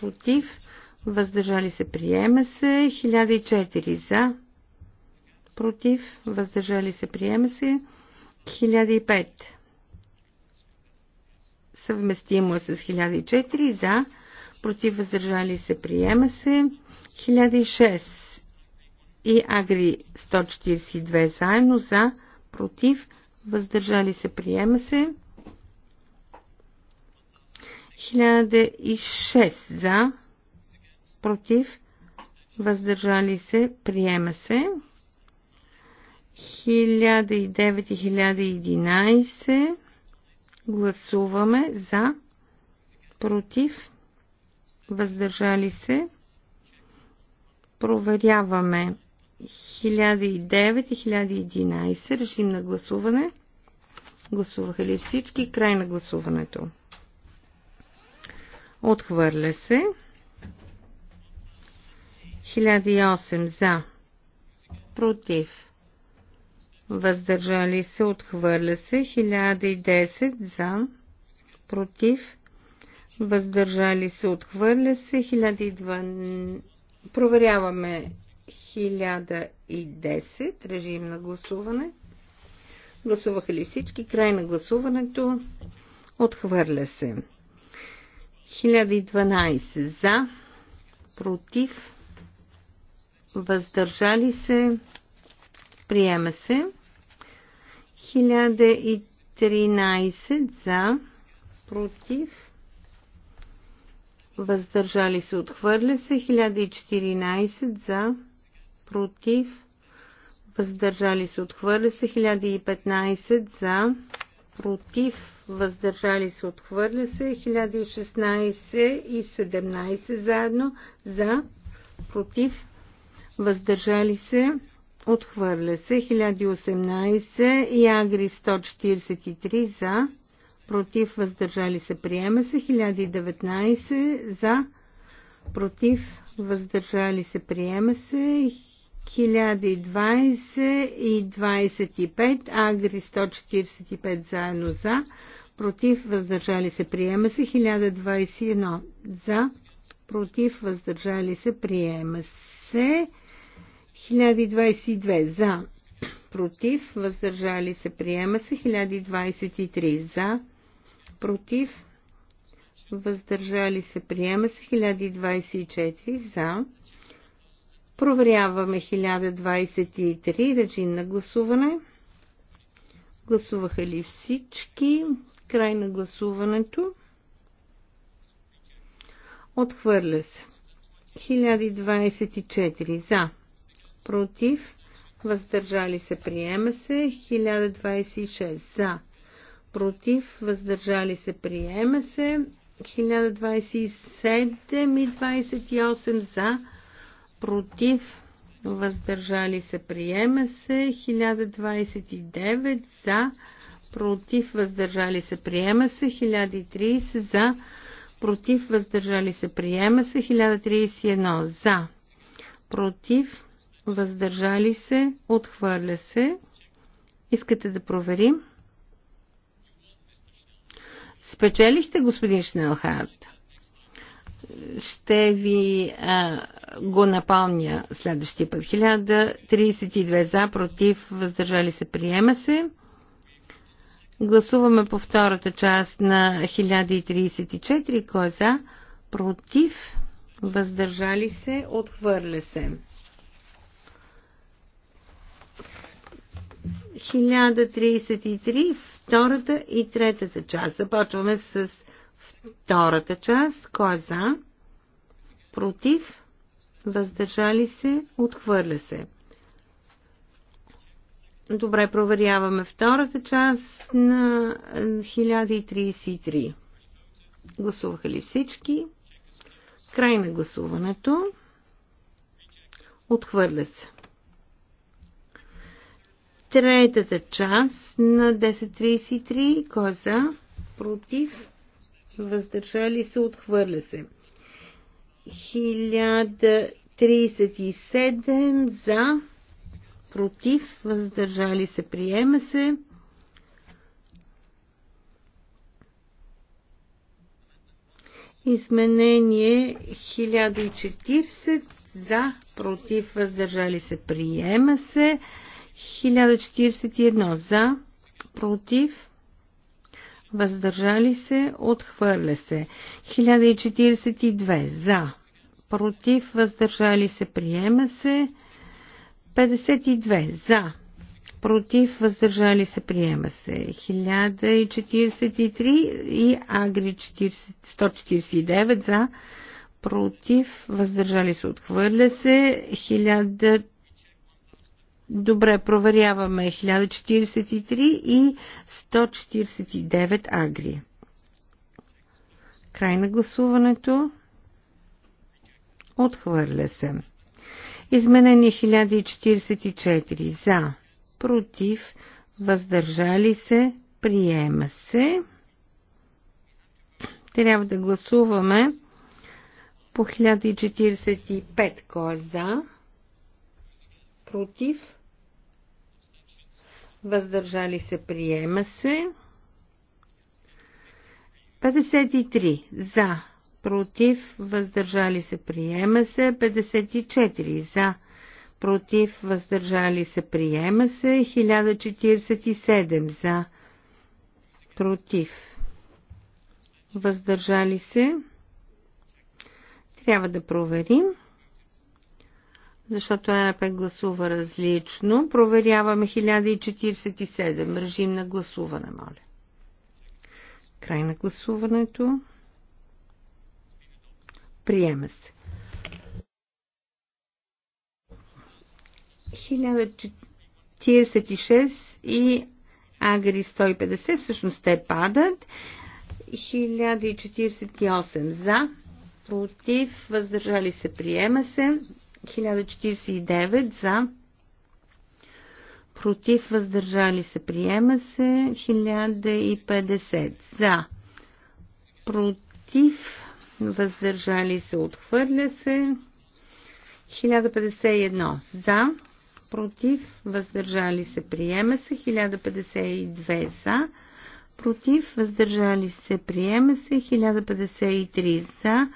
против, въздържали се, приема се. 1004 за, против, въздържали се, приема се. 1005 съвместимо е с 1004 за, против, въздържали се, приема се. 1006 и Агри 142 заедно за, против, въздържали се, приема се. 1006 за, против, въздържали се, приема се. 1009 и 1011 гласуваме за, против, въздържали се. Проверяваме 1009 и 1011 режим на гласуване. Гласуваха ли всички? Край на гласуването. Отхвърля се. 1008 за. Против. Въздържали се. Отхвърля се. 1010 за. Против. Въздържали се. Отхвърля се. 1012. Проверяваме 1010. Режим на гласуване. Гласуваха ли всички? Край на гласуването. Отхвърля се. 1012 за, против, въздържали се, приема се. 1013 за, против, въздържали се, отхвърля се. 1014 за, против, въздържали се, отхвърля се. 1015 за, против, въздържали се, отхвърля се, 1016 и 17 заедно, за, против, въздържали се, отхвърля се, 1018 и Агри 143 за, против, въздържали се, приема се, 1019 за, против, въздържали се, приема се, 1020 и 25, Агри 145 заедно за, против, въздържали се, приема се, 1021 за, против, въздържали се, приема се, 1022 за, против, въздържали се, приема се, 1023 за, против, въздържали се, приема се, 1024 за, Проверяваме 1023 режим на гласуване. Гласуваха ли всички? Край на гласуването. Отхвърля се. 1024 за. Против. Въздържали се. Приема се. 1026 за. Против. Въздържали се. Приема се. 1027 и 28 за против, въздържали се, приема се, 1029 за, против, въздържали се, приема се, 1030 за, против, въздържали се, приема се, 1031 за, против, въздържали се, отхвърля се. Искате да проверим? Спечелихте, господин Шнелхарт ще ви а, го напълня следващия път. 1032 за, против, въздържали се, приема се. Гласуваме по втората част на 1034. Кой е за? Против, въздържали се, отхвърля се. 1033, втората и третата част. Започваме с Втората част, кой е за? Против? Въздържали се? Отхвърля се. Добре, проверяваме втората част на 1033. Е, Гласуваха ли всички? Край на гласуването. Отхвърля се. Третата част на 1033. Кой е за? Против? Въздържа ли се, отхвърля се. 1037 за, против, въздържали се, приема се. Изменение 1040 за, против, въздържали се, приема се. 1041 за, против, въздържали се, отхвърля се. 1042 за, против, въздържали се, приема се. 52 за, против, въздържали се, приема се. 1043 и Агри 40, 149 за, против, въздържали се, отхвърля се. 1000 Добре, проверяваме 1043 и 149 агри. Край на гласуването. Отхвърля се. Изменение 1044 за, против, въздържали се, приема се. Трябва да гласуваме по 1045 кой е за, против, въздържали се, приема се. 53 за, против, въздържали се, приема се. 54 за, против, въздържали се, приема се. 1047 за, против, въздържали се. Трябва да проверим защото ЕНП гласува различно. Проверяваме 1047. Режим на гласуване, моля. Край на гласуването. Приема се. 1046 и Агри 150, всъщност те падат. 1048 за, против, въздържали се, приема се. 1049 за, против, въздържали се, приема се 1050 за, против, въздържали се, отхвърля се 1051 за, против, въздържали се, приема се 1052 за, против, въздържали се, приема се 1053 за,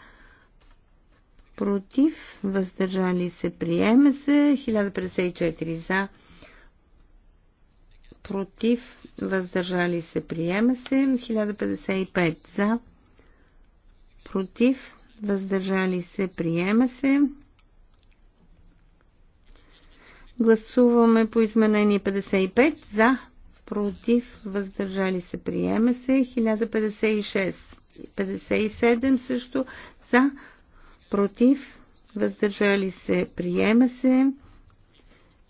против, въздържали се, приема се, 1054 за, против, въздържали се, приема се, 1055 за, против, въздържали се, приема се. Гласуваме по изменение 55 за, против, въздържали се, приема се, 1056, 57 също за, против, въздържали се, приема се.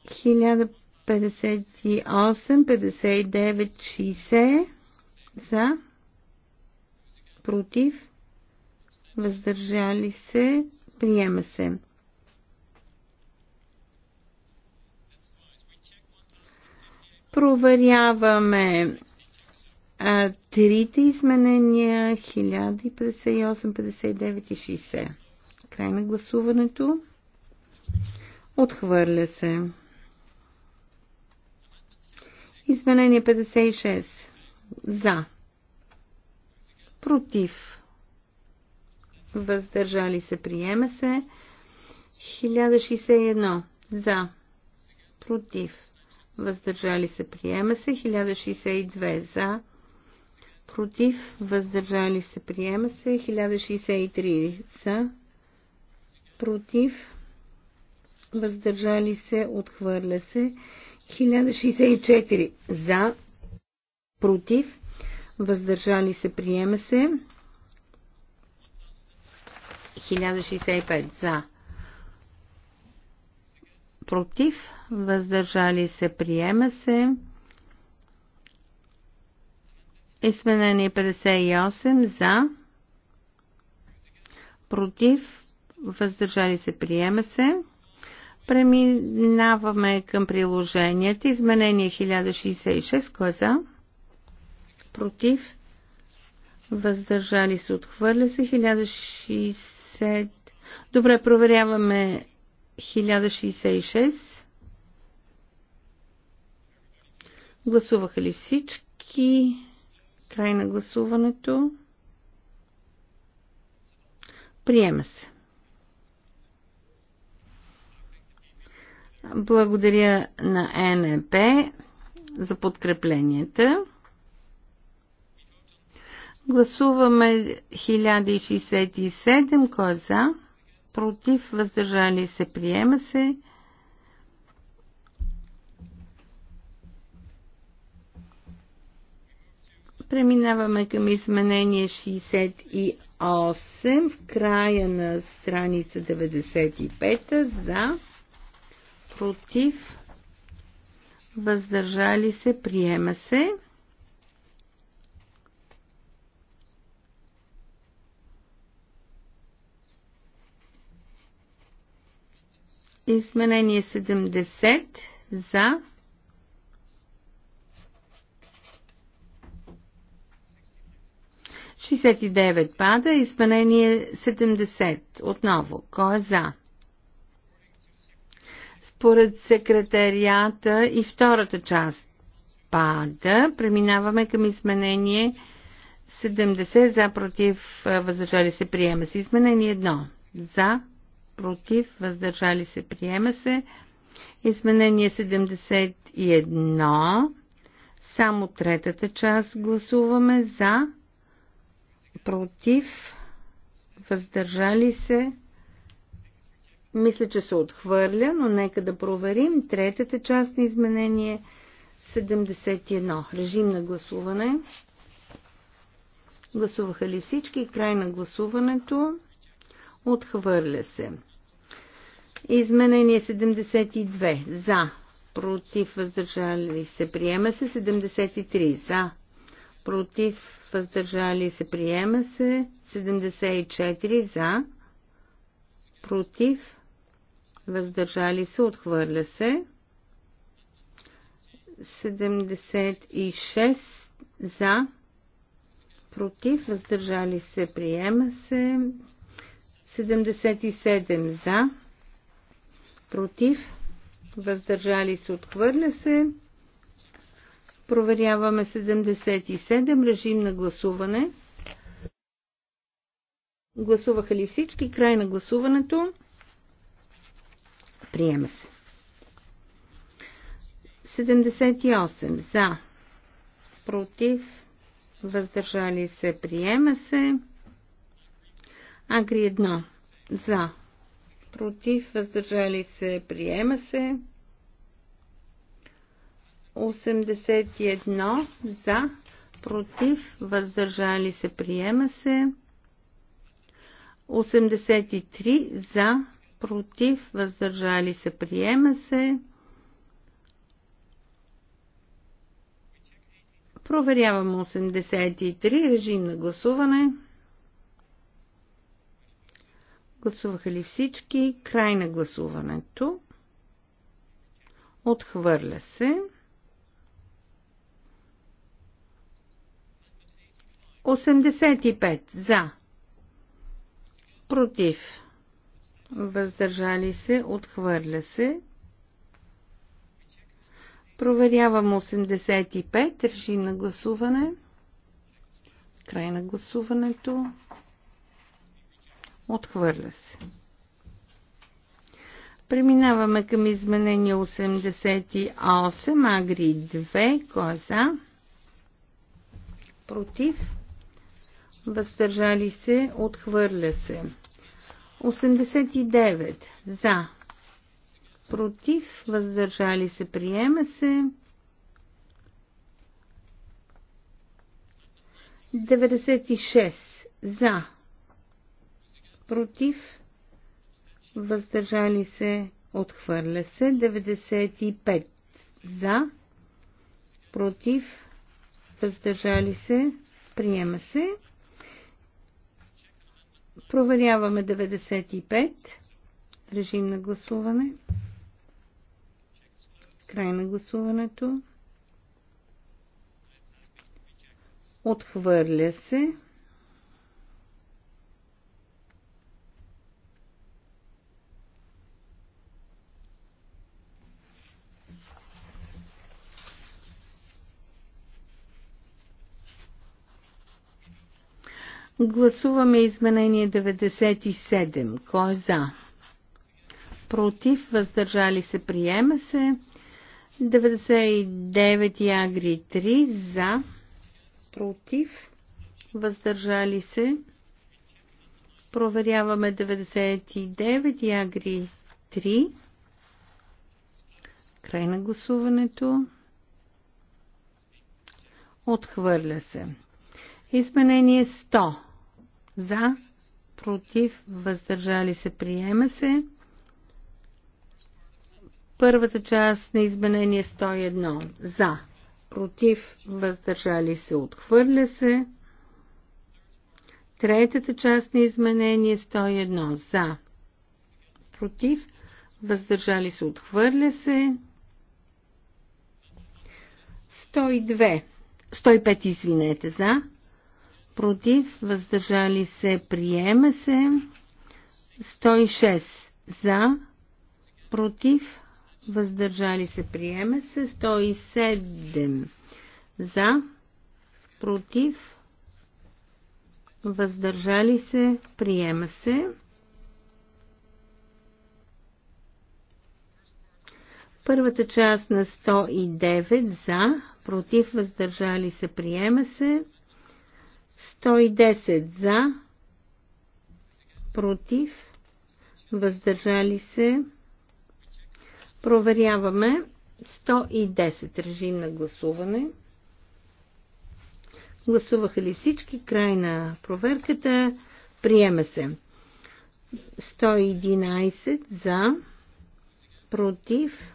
1058, 59, 60 за, против, въздържали се, приема се. Проверяваме а, трите изменения 1058, 59 и 60. Край на гласуването. Отхвърля се. Изменение 56. За. Против. Въздържали се. Приема се. 1061. За. Против. Въздържали се. Приема се. 1062. За. Против. Въздържали се. Приема се. 1063. За против, въздържали се, отхвърля се. 1064 за, против, въздържали се, приема се. 1065 за, против, въздържали се, приема се. Изменение 58 за, против, въздържали се, приема се. Преминаваме към приложенията. Изменение 1066. Кой е за? Против. Въздържали се. Отхвърля се. 1060. Добре, проверяваме 1066. Гласуваха ли всички? Край на гласуването. Приема се. Благодаря на НЕП за подкрепленията. Гласуваме 1067, кой е за, против, въздържали се, приема се. Преминаваме към изменение 68 в края на страница 95 за против, въздържали се, приема се. Изменение 70 за Шестдесет и девет пада, изменение 70 отново. Кой е за? Според секретарията и втората част пада. Преминаваме към изменение 70 за против въздържали се приема се. Изменение 1 за против въздържали се приема се. Изменение 71 само третата част гласуваме за против въздържали се мисля, че се отхвърля, но нека да проверим третата част на изменение 71. Режим на гласуване. Гласуваха ли всички? Край на гласуването. Отхвърля се. Изменение 72. За. Против. Въздържали се. Приема се. 73. За. Против. Въздържали се. Приема се. 74. За. Против въздържали се, отхвърля се. 76 за, против, въздържали се, приема се. 77 за, против, въздържали се, отхвърля се. Проверяваме 77, режим на гласуване. Гласуваха ли всички? Край на гласуването. Приема се. 78 за. Против. Въздържали се. Приема се. Агри 1 за. Против. Въздържали се. Приема се. 81 за. Против. Въздържали се. Приема се. 83 за против, въздържали се, приема се. Проверяваме 83, режим на гласуване. Гласуваха ли всички? Край на гласуването. Отхвърля се. 85 за. Против въздържали се, отхвърля се. Проверявам 85, режим на гласуване. Край на гласуването. Отхвърля се. Преминаваме към изменение 88, агри 2, кой е за? Против. Въздържали се, отхвърля се. 89 за, против, въздържали се, приема се. 96 за, против, въздържали се, отхвърля се. 95 за, против, въздържали се, приема се. Проверяваме 95. Режим на гласуване. Край на гласуването. Отхвърля се. Гласуваме изменение 97. Кой е за? Против, въздържали се, приема се. 99 Ягри 3 за. Против, въздържали се. Проверяваме 99 Ягри 3. Край на гласуването. Отхвърля се. Изменение 100 за, против, въздържали се, приема се. Първата част на изменение 101 за, против, въздържали се, отхвърля се. Третата част на изменение 101 за, против, въздържали се, отхвърля се. 102, 105 извинете за, против, въздържали се, приема се. 106 за, против, въздържали се, приема се. 107 за, против, въздържали се, приема се. Първата част на 109 за, против, въздържали се, приема се. 110 за, против, въздържали се. Проверяваме 110 режим на гласуване. Гласуваха ли всички? Край на проверката. Приема се. 111 за, против,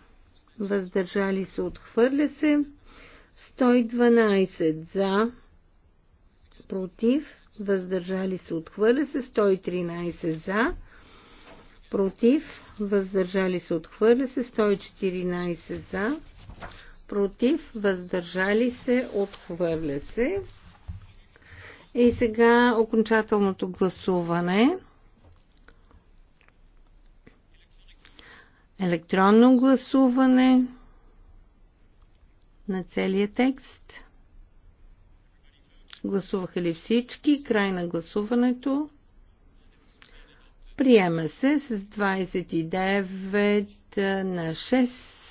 въздържали се, отхвърля се. 112 за, против, въздържали се, отхвърля се, 113 за, против, въздържали се, отхвърля се, 114 за, против, въздържали се, отхвърля се. И сега окончателното гласуване. Електронно гласуване на целия текст. Гласуваха ли всички? Край на гласуването. Приема се с 29 на 6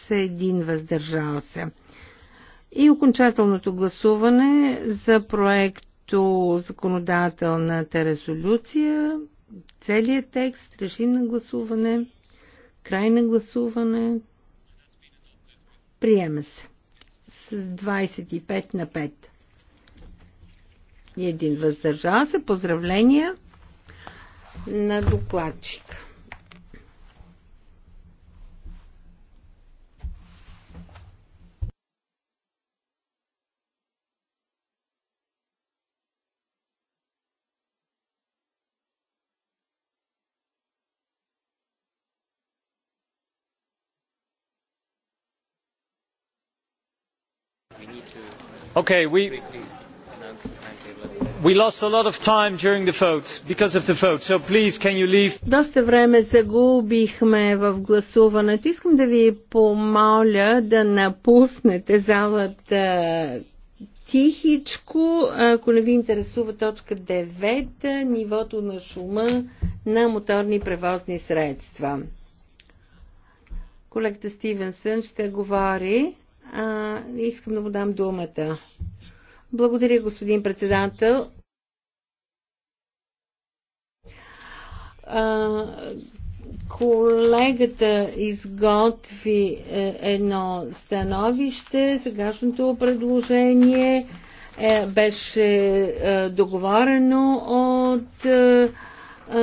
1 въздържал се. И окончателното гласуване за проекто законодателната резолюция, целият текст, режим на гласуване, край на гласуване, приема се с 25 на 5 и един въздържал се. Поздравления на докладчика. Okay, we, доста време загубихме в гласуването. Искам да ви помоля да напуснете залата тихичко, ако не ви интересува точка 9, нивото на шума на моторни превозни средства. Колегата Стивенсън ще говори. А, искам да му дам думата. Благодаря, господин председател. колегата изготви е, едно становище. Сегашното предложение е, беше е, договорено от е, е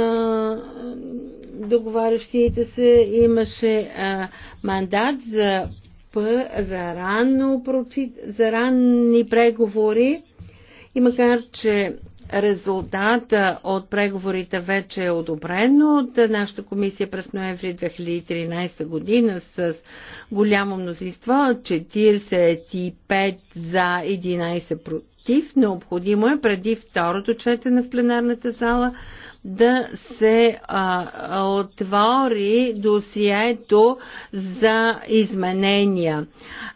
договарящите се. Имаше е, мандат за за, ранно, за ранни преговори и макар, че резултата от преговорите вече е одобрено от нашата комисия през ноември 2013 година с голямо мнозинство 45 за 11 против. Необходимо е преди второто четене в пленарната зала да се а, отвори досието за изменения.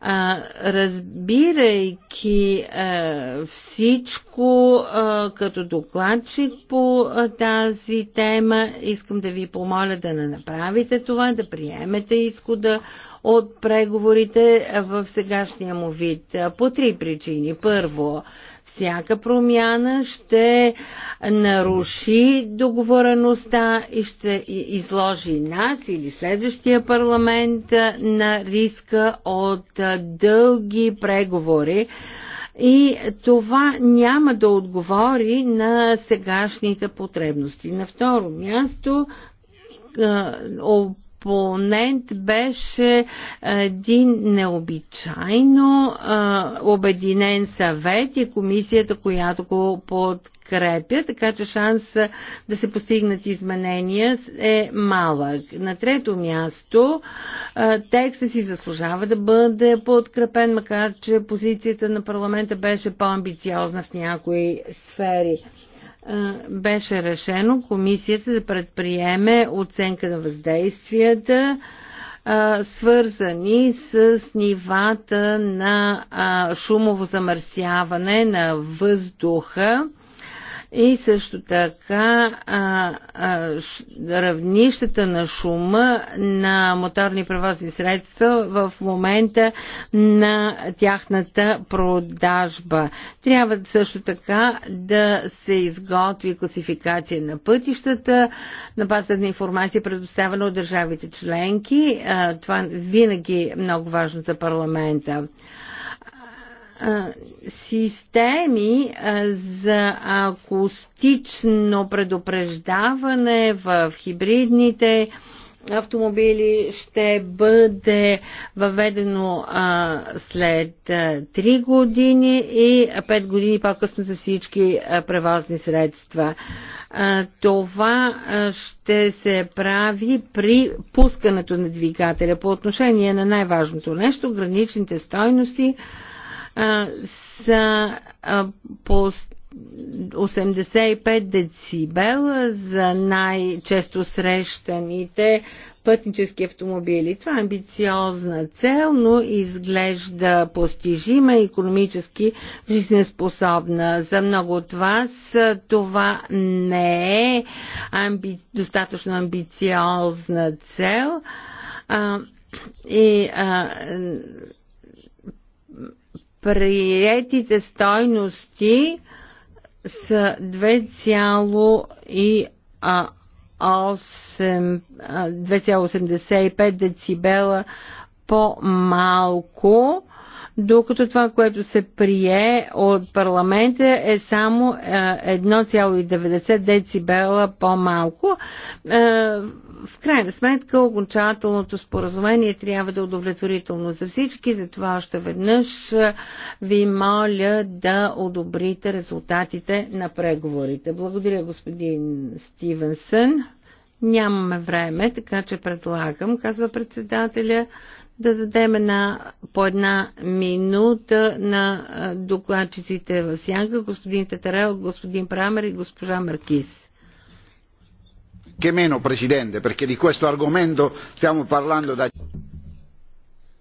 А, разбирайки а, всичко а, като докладчик по а, тази тема, искам да ви помоля да не направите това, да приемете изхода от преговорите в сегашния му вид. По три причини. Първо, всяка промяна ще наруши договореността и ще изложи нас или следващия парламент на риска от дълги преговори. И това няма да отговори на сегашните потребности. На второ място компонент беше един необичайно обединен съвет и комисията, която го подкрепя, така че шанса да се постигнат изменения е малък. На трето място текста си заслужава да бъде подкрепен, макар че позицията на парламента беше по-амбициозна в някои сфери беше решено комисията да предприеме оценка на въздействията, свързани с нивата на шумово замърсяване на въздуха и също така а, а, равнищата на шума на моторни превозни средства в момента на тяхната продажба. Трябва също така да се изготви класификация на пътищата на базата на информация, предоставена от държавите членки. А, това винаги е много важно за парламента системи за акустично предупреждаване в хибридните автомобили ще бъде въведено след 3 години и 5 години по-късно за всички превозни средства. това ще се прави при пускането на двигателя. По отношение на най-важното нещо, граничните стойности, са по 85 децибела за най-често срещаните пътнически автомобили. Това е амбициозна цел, но изглежда постижима и економически жизнеспособна. За много от вас това не е амби... достатъчно амбициозна цел. А, и а, приетите стойности са 2,85 децибела по-малко докато това, което се прие от парламента е само 1,90 децибела по-малко. В крайна сметка, окончателното споразумение трябва да е удовлетворително за всички, затова още веднъж ви моля да одобрите резултатите на преговорите. Благодаря, господин Стивенсън. Нямаме време, така че предлагам, казва председателя, да дадем една, по една минута на докладчиците в сянка, господин Татарел, господин Прамер и госпожа Маркис. Che meno, Presidente, perché di questo argomento stiamo parlando da...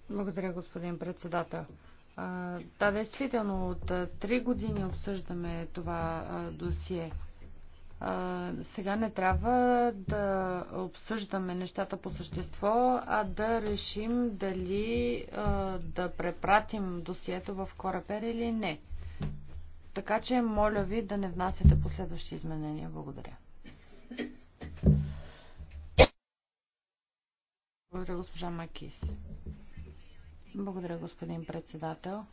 Благодаря, господин председател. Да, действително, от три години обсъждаме това досие сега не трябва да обсъждаме нещата по същество, а да решим дали да препратим досието в Корапер или не. Така че, моля ви да не внасяте последващи изменения. Благодаря. Благодаря, госпожа Макис. Благодаря, господин председател.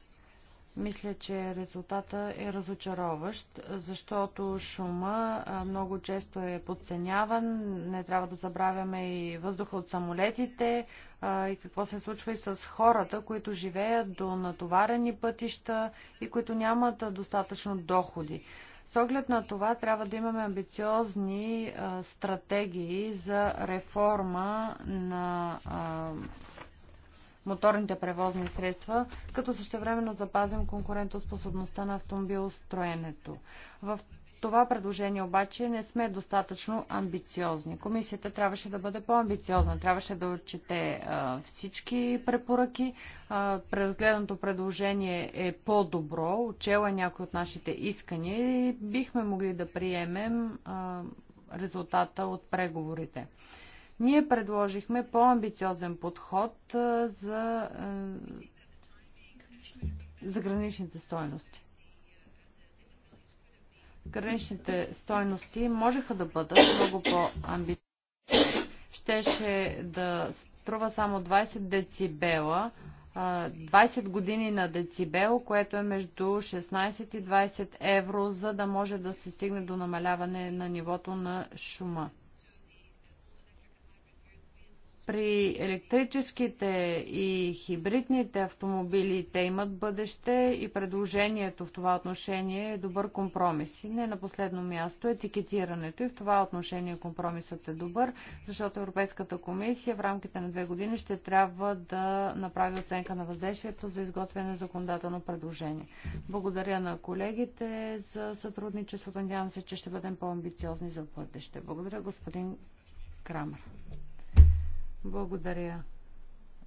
Мисля, че резултата е разочароващ, защото шума много често е подценяван. Не трябва да забравяме и въздуха от самолетите и какво се случва и с хората, които живеят до натоварени пътища и които нямат достатъчно доходи. С оглед на това трябва да имаме амбициозни стратегии за реформа на моторните превозни средства, като същевременно запазим конкурентоспособността на автомобилостроенето. В това предложение обаче не сме достатъчно амбициозни. Комисията трябваше да бъде по-амбициозна, трябваше да отчете а, всички препоръки. А, преразгледаното предложение е по-добро, отчела някои от нашите искания и бихме могли да приемем а, резултата от преговорите. Ние предложихме по-амбициозен подход за граничните стойности. Граничните стойности можеха да бъдат много по-амбициозни. Щеше да струва само 20 децибела, 20 години на децибел, което е между 16 и 20 евро, за да може да се стигне до намаляване на нивото на шума. При електрическите и хибридните автомобили те имат бъдеще и предложението в това отношение е добър компромис. И не на последно място етикетирането и в това отношение компромисът е добър, защото Европейската комисия в рамките на две години ще трябва да направи оценка на въздействието за изготвяне на законодателно предложение. Благодаря на колегите за сътрудничеството. Надявам се, че ще бъдем по-амбициозни за бъдеще. Благодаря, господин Крамер. Благодаря,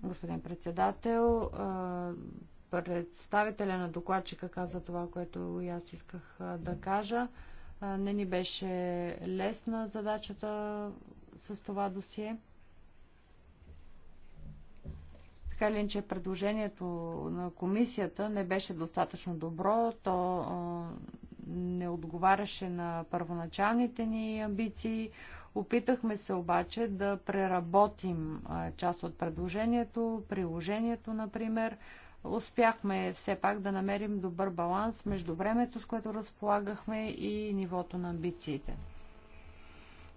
господин председател. Представителя на докладчика каза това, което и аз исках да кажа. Не ни беше лесна задачата с това досие. Така ли, че предложението на комисията не беше достатъчно добро. То не отговаряше на първоначалните ни амбиции. Опитахме се обаче да преработим част от предложението, приложението, например. Успяхме все пак да намерим добър баланс между времето, с което разполагахме и нивото на амбициите.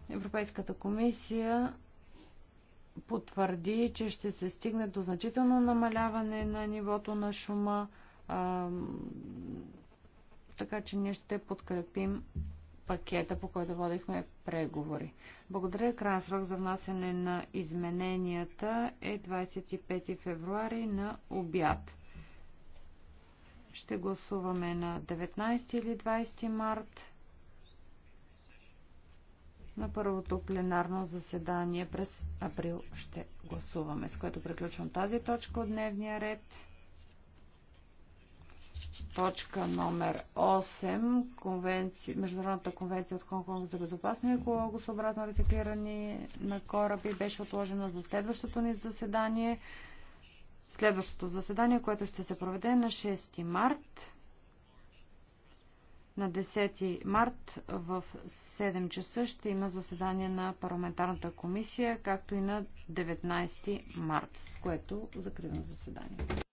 Европейската комисия потвърди, че ще се стигне до значително намаляване на нивото на шума, а, така че ние ще подкрепим пакета, по който водихме преговори. Благодаря. Крайен срок за внасяне на измененията е 25 февруари на обяд. Ще гласуваме на 19 или 20 март на първото пленарно заседание през април ще гласуваме, с което приключвам тази точка от дневния ред точка номер 8, конвенци... Международната конвенция от Хонконг за безопасно и екологосъобразно рециклиране на кораби беше отложена за следващото ни заседание. Следващото заседание, което ще се проведе на 6 март. На 10 март в 7 часа ще има заседание на парламентарната комисия, както и на 19 март, с което закривам заседанието.